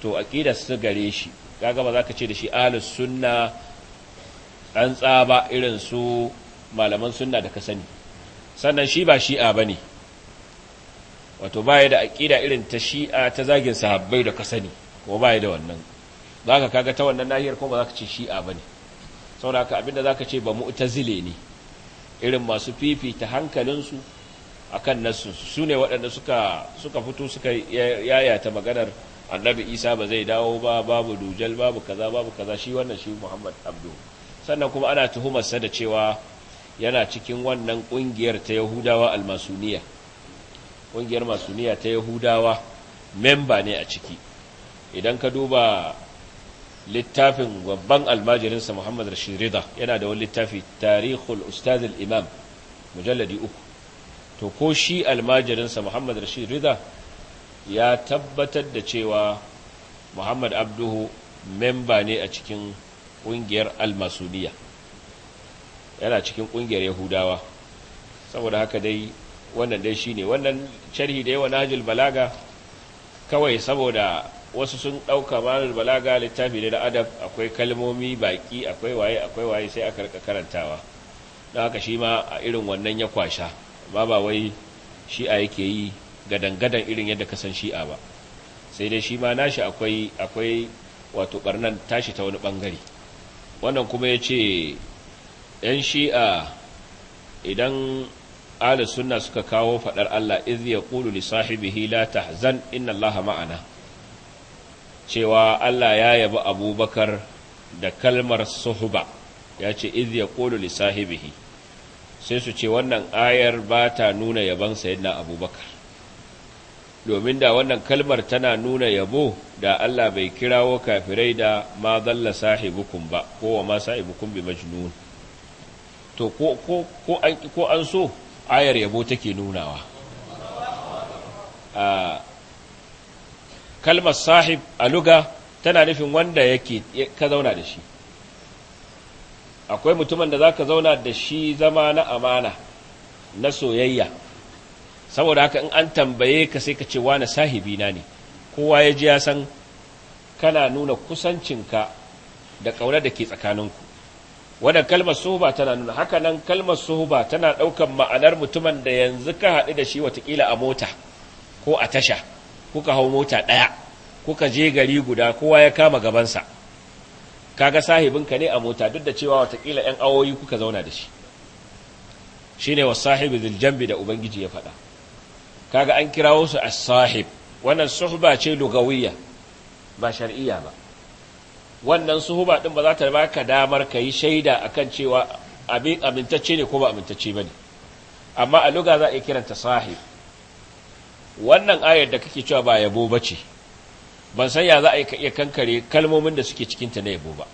to aqidar su gare shi kaga ba za ka ce da shi ahlus sunna an tsaba irin su malaman sunna da ka sani sannan shi ba shi'a bane wato baya da aqida irin ta shi'a ta zagin sahabbai da ka sani ko baya da wannan zaka kaga ta wannan nahiyar ko ba za ka ce shi'a bane sauraka abinda za ka ce ba mu'tazile ne irin masu fifita hankalinsu a kan nassunsu su ne waɗanda suka fito suka yayata maganar annabi isa ba zai dawo ba babu dujal babu kaza babu kaza shi wannan shi muhammad abdu sannan kuma ana tuhumarsa da cewa yana cikin wannan ƙungiyar ta yahudawa almasuniya ƙungiyar masuniya ta yahudawa memba ne a ciki idan ka duba littafin babban almajirinsa Muhammad Rashid Rida yana da wani littafi Tarihul Ustaz al-Imam mujalladi uku to ko shi almajirinsa Muhammad Rashid Rida ya tabbatar da cewa Muhammad Abduhu memba ne a cikin ƙungiyar almasuniya yana cikin ƙungiyar Yahudawa saboda haka dai wannan dai shine wannan sharhi da yawa Nahjul Balaga kawai saboda wasu sun ɗauka malul balaga littafi ne na adab akwai kalmomi baƙi. akwai waye akwai waye sai aka rika karantawa don haka shi ma a irin wannan ya kwasha ba ba wai shi'a yake yi gadangadan irin yadda ka san shi'a ba sai dai shi ma nashi akwai akwai wato barnan tashi ta wani bangare wannan kuma ya ce ‘yan shi'a idan ala suna suka kawo faɗar Allah iz ya ƙulu li sahibihi la tahzan inna Allah ma'ana’ cewa Allah ya yabi abubakar da kalmar suhuba ya ce iz ya ƙolo lissahibihi sai su ce wannan ayar ba ta nuna yaban sayidina abubakar domin da wannan kalmar tana nuna yabo da Allah bai kirawo kafirai da ma zalla sahibukum ba ko wa ma sahibukum bi majnun to ko ko ko ko an so ayar yabo take nunawa a ah, kalmar sahib a luga tana nufin wanda yake ka zauna da shi akwai mutumin da za ka zauna da shi zama na amana na soyayya saboda haka in an tambaye ka sai ka ce wani na ne kowa ya ji ya san kana nuna kusancinka da ƙaunar da ke tsakaninku wadda kalmar suhuba tana nuna haka nan kalmar suhuba tana ɗaukan ma'anar mutumin da yanzu ka haɗu da shi watakila a mota ko a tasha kuka hau mota ɗaya kuka je gari guda kowa ya kama gabansa kaga sahibinka ne a mota duk da cewa watakila 'yan awoyi kuka zauna da shi shine wa sahibi ziljambi da ubangiji ya faɗa kaga an kirawo su as sahib wannan suhba ce lugawiyya ba shar'iyya ba wannan suhuba ɗin ba za ta baka damar ka yi shaida kan cewa abin amintacce ne ko ba amintacce ba ne amma a luga za a iya kiranta sahib wannan ayar da kake cewa ba yabo ba ce ban san ya za a iya kankare kalmomin da suke cikinta na yabo ba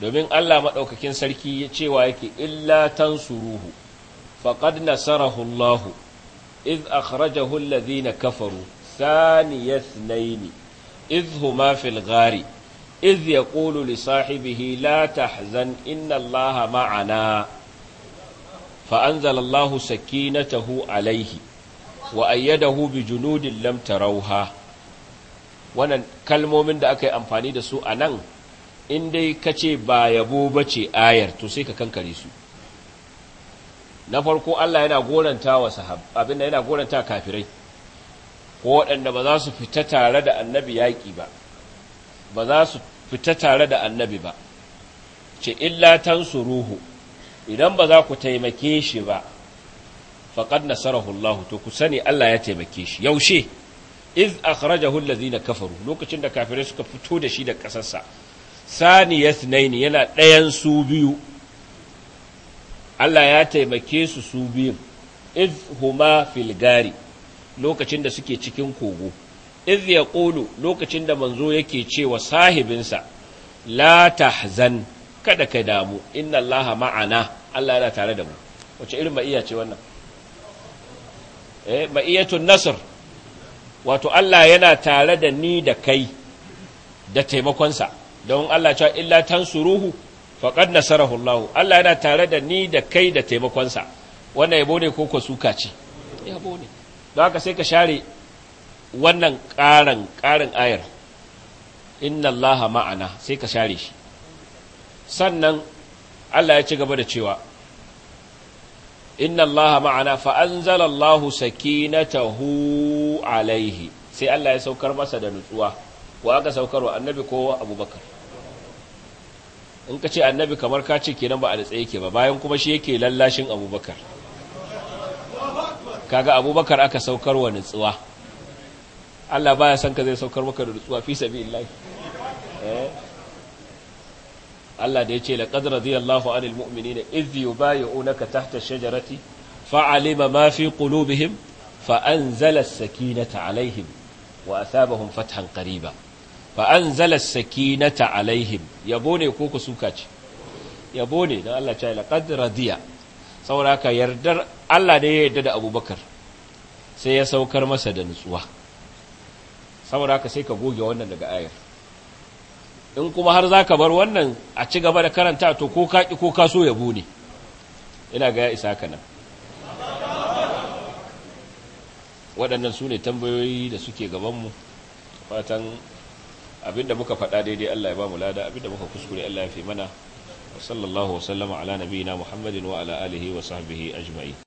domin Allah maɗaukakin sarki ya cewa yake illa tansuruhu faƙad nasarahu Allah iz akhrajahu alladhina kafaru thaniya ithnain iz huma fil ghari iz yaqulu li sahibihi la tahzan inna Allah ma'ana fa anzala tahu sakinatahu alayhi wa ayyadahu bi junudin lam tarauha wannan kalmomin da aka yi amfani da su a nan in dai ka ce ba yabo ba ce ayar to sai ka kankare su na farko Allah yana goranta wa sahab abinda yana goranta kafirai ko waɗanda ba za su fita tare da annabi yaƙi ba ba za su fita tare da annabi ba ce illa tan tansuruhu idan ba za ku taimake shi ba faqad nasarahu Allah to ku sani Allah ya taimake shi yaushe iz akhrajahu allazina kafaru lokacin da kafirai suka fito da shi da ƙasarsa sani yasnain yana ɗayan su biyu Allah ya taimake su su biyu iz huma fil gari lokacin da suke cikin kogo iz yaqulu lokacin da manzo yake cewa sahibinsa la tahzan kada ka damu inna allaha ma'ana Allah yana tare da mu wace irin ma'iya ce wannan eh ma'iyatun nasr wato Allah yana tare da ni da kai da taimakonsa don Allah cewa illa tansuruhu faqad nasarahu Allah Allah yana tare da ni da kai da taimakonsa wannan yabo ne koko suka ce yabo ne don haka sai ka share wannan ƙaran ayar inna Allah ma'ana sai ka share shi sannan Allah ya ci gaba da cewa inna Allah ma'ana fa anzalallahu sakinatahu alayhi sai Allah ya saukar masa da nutsuwa wa aka saukar wa annabi ko abubakar in ka ce annabi kamar ka ce kenan ba a nutsa ke ba bayan kuma shi yake lallashin abubakar kaga abubakar aka saukar wa nutsuwa Allah baya son ka zai saukar maka da nutsuwa fi sabilillah eh Allah da ya ce laqad radiyallahu anil mu'minina idh yubayyi'unaka tahta shajarati fa'alima ma fi qulubihim فأنزل السكينة عليهم وأثابهم فتحا قريبا ko ku suka يبوني كوكو سوكاج يبوني نا الله تعالى قد رضيا سوراك yardar Allah ne ya yarda da Abubakar sai ya saukar masa da nutsuwa saboda haka sai ka goge wannan daga ayar in kuma har za ka bar wannan a ci gaba da karanta to ko kaƙi ko so ya bune ina ga ya isa ka nan waɗannan su ne tambayoyi da suke gabanmu fatan abinda muka faɗa daidai Allah ya ba mu lada abinda muka kuskure Allah ya fi mana wa sallallahu wa sallama ala nabiyina muhammadin wa ala alihi wa sahbihi ajma'in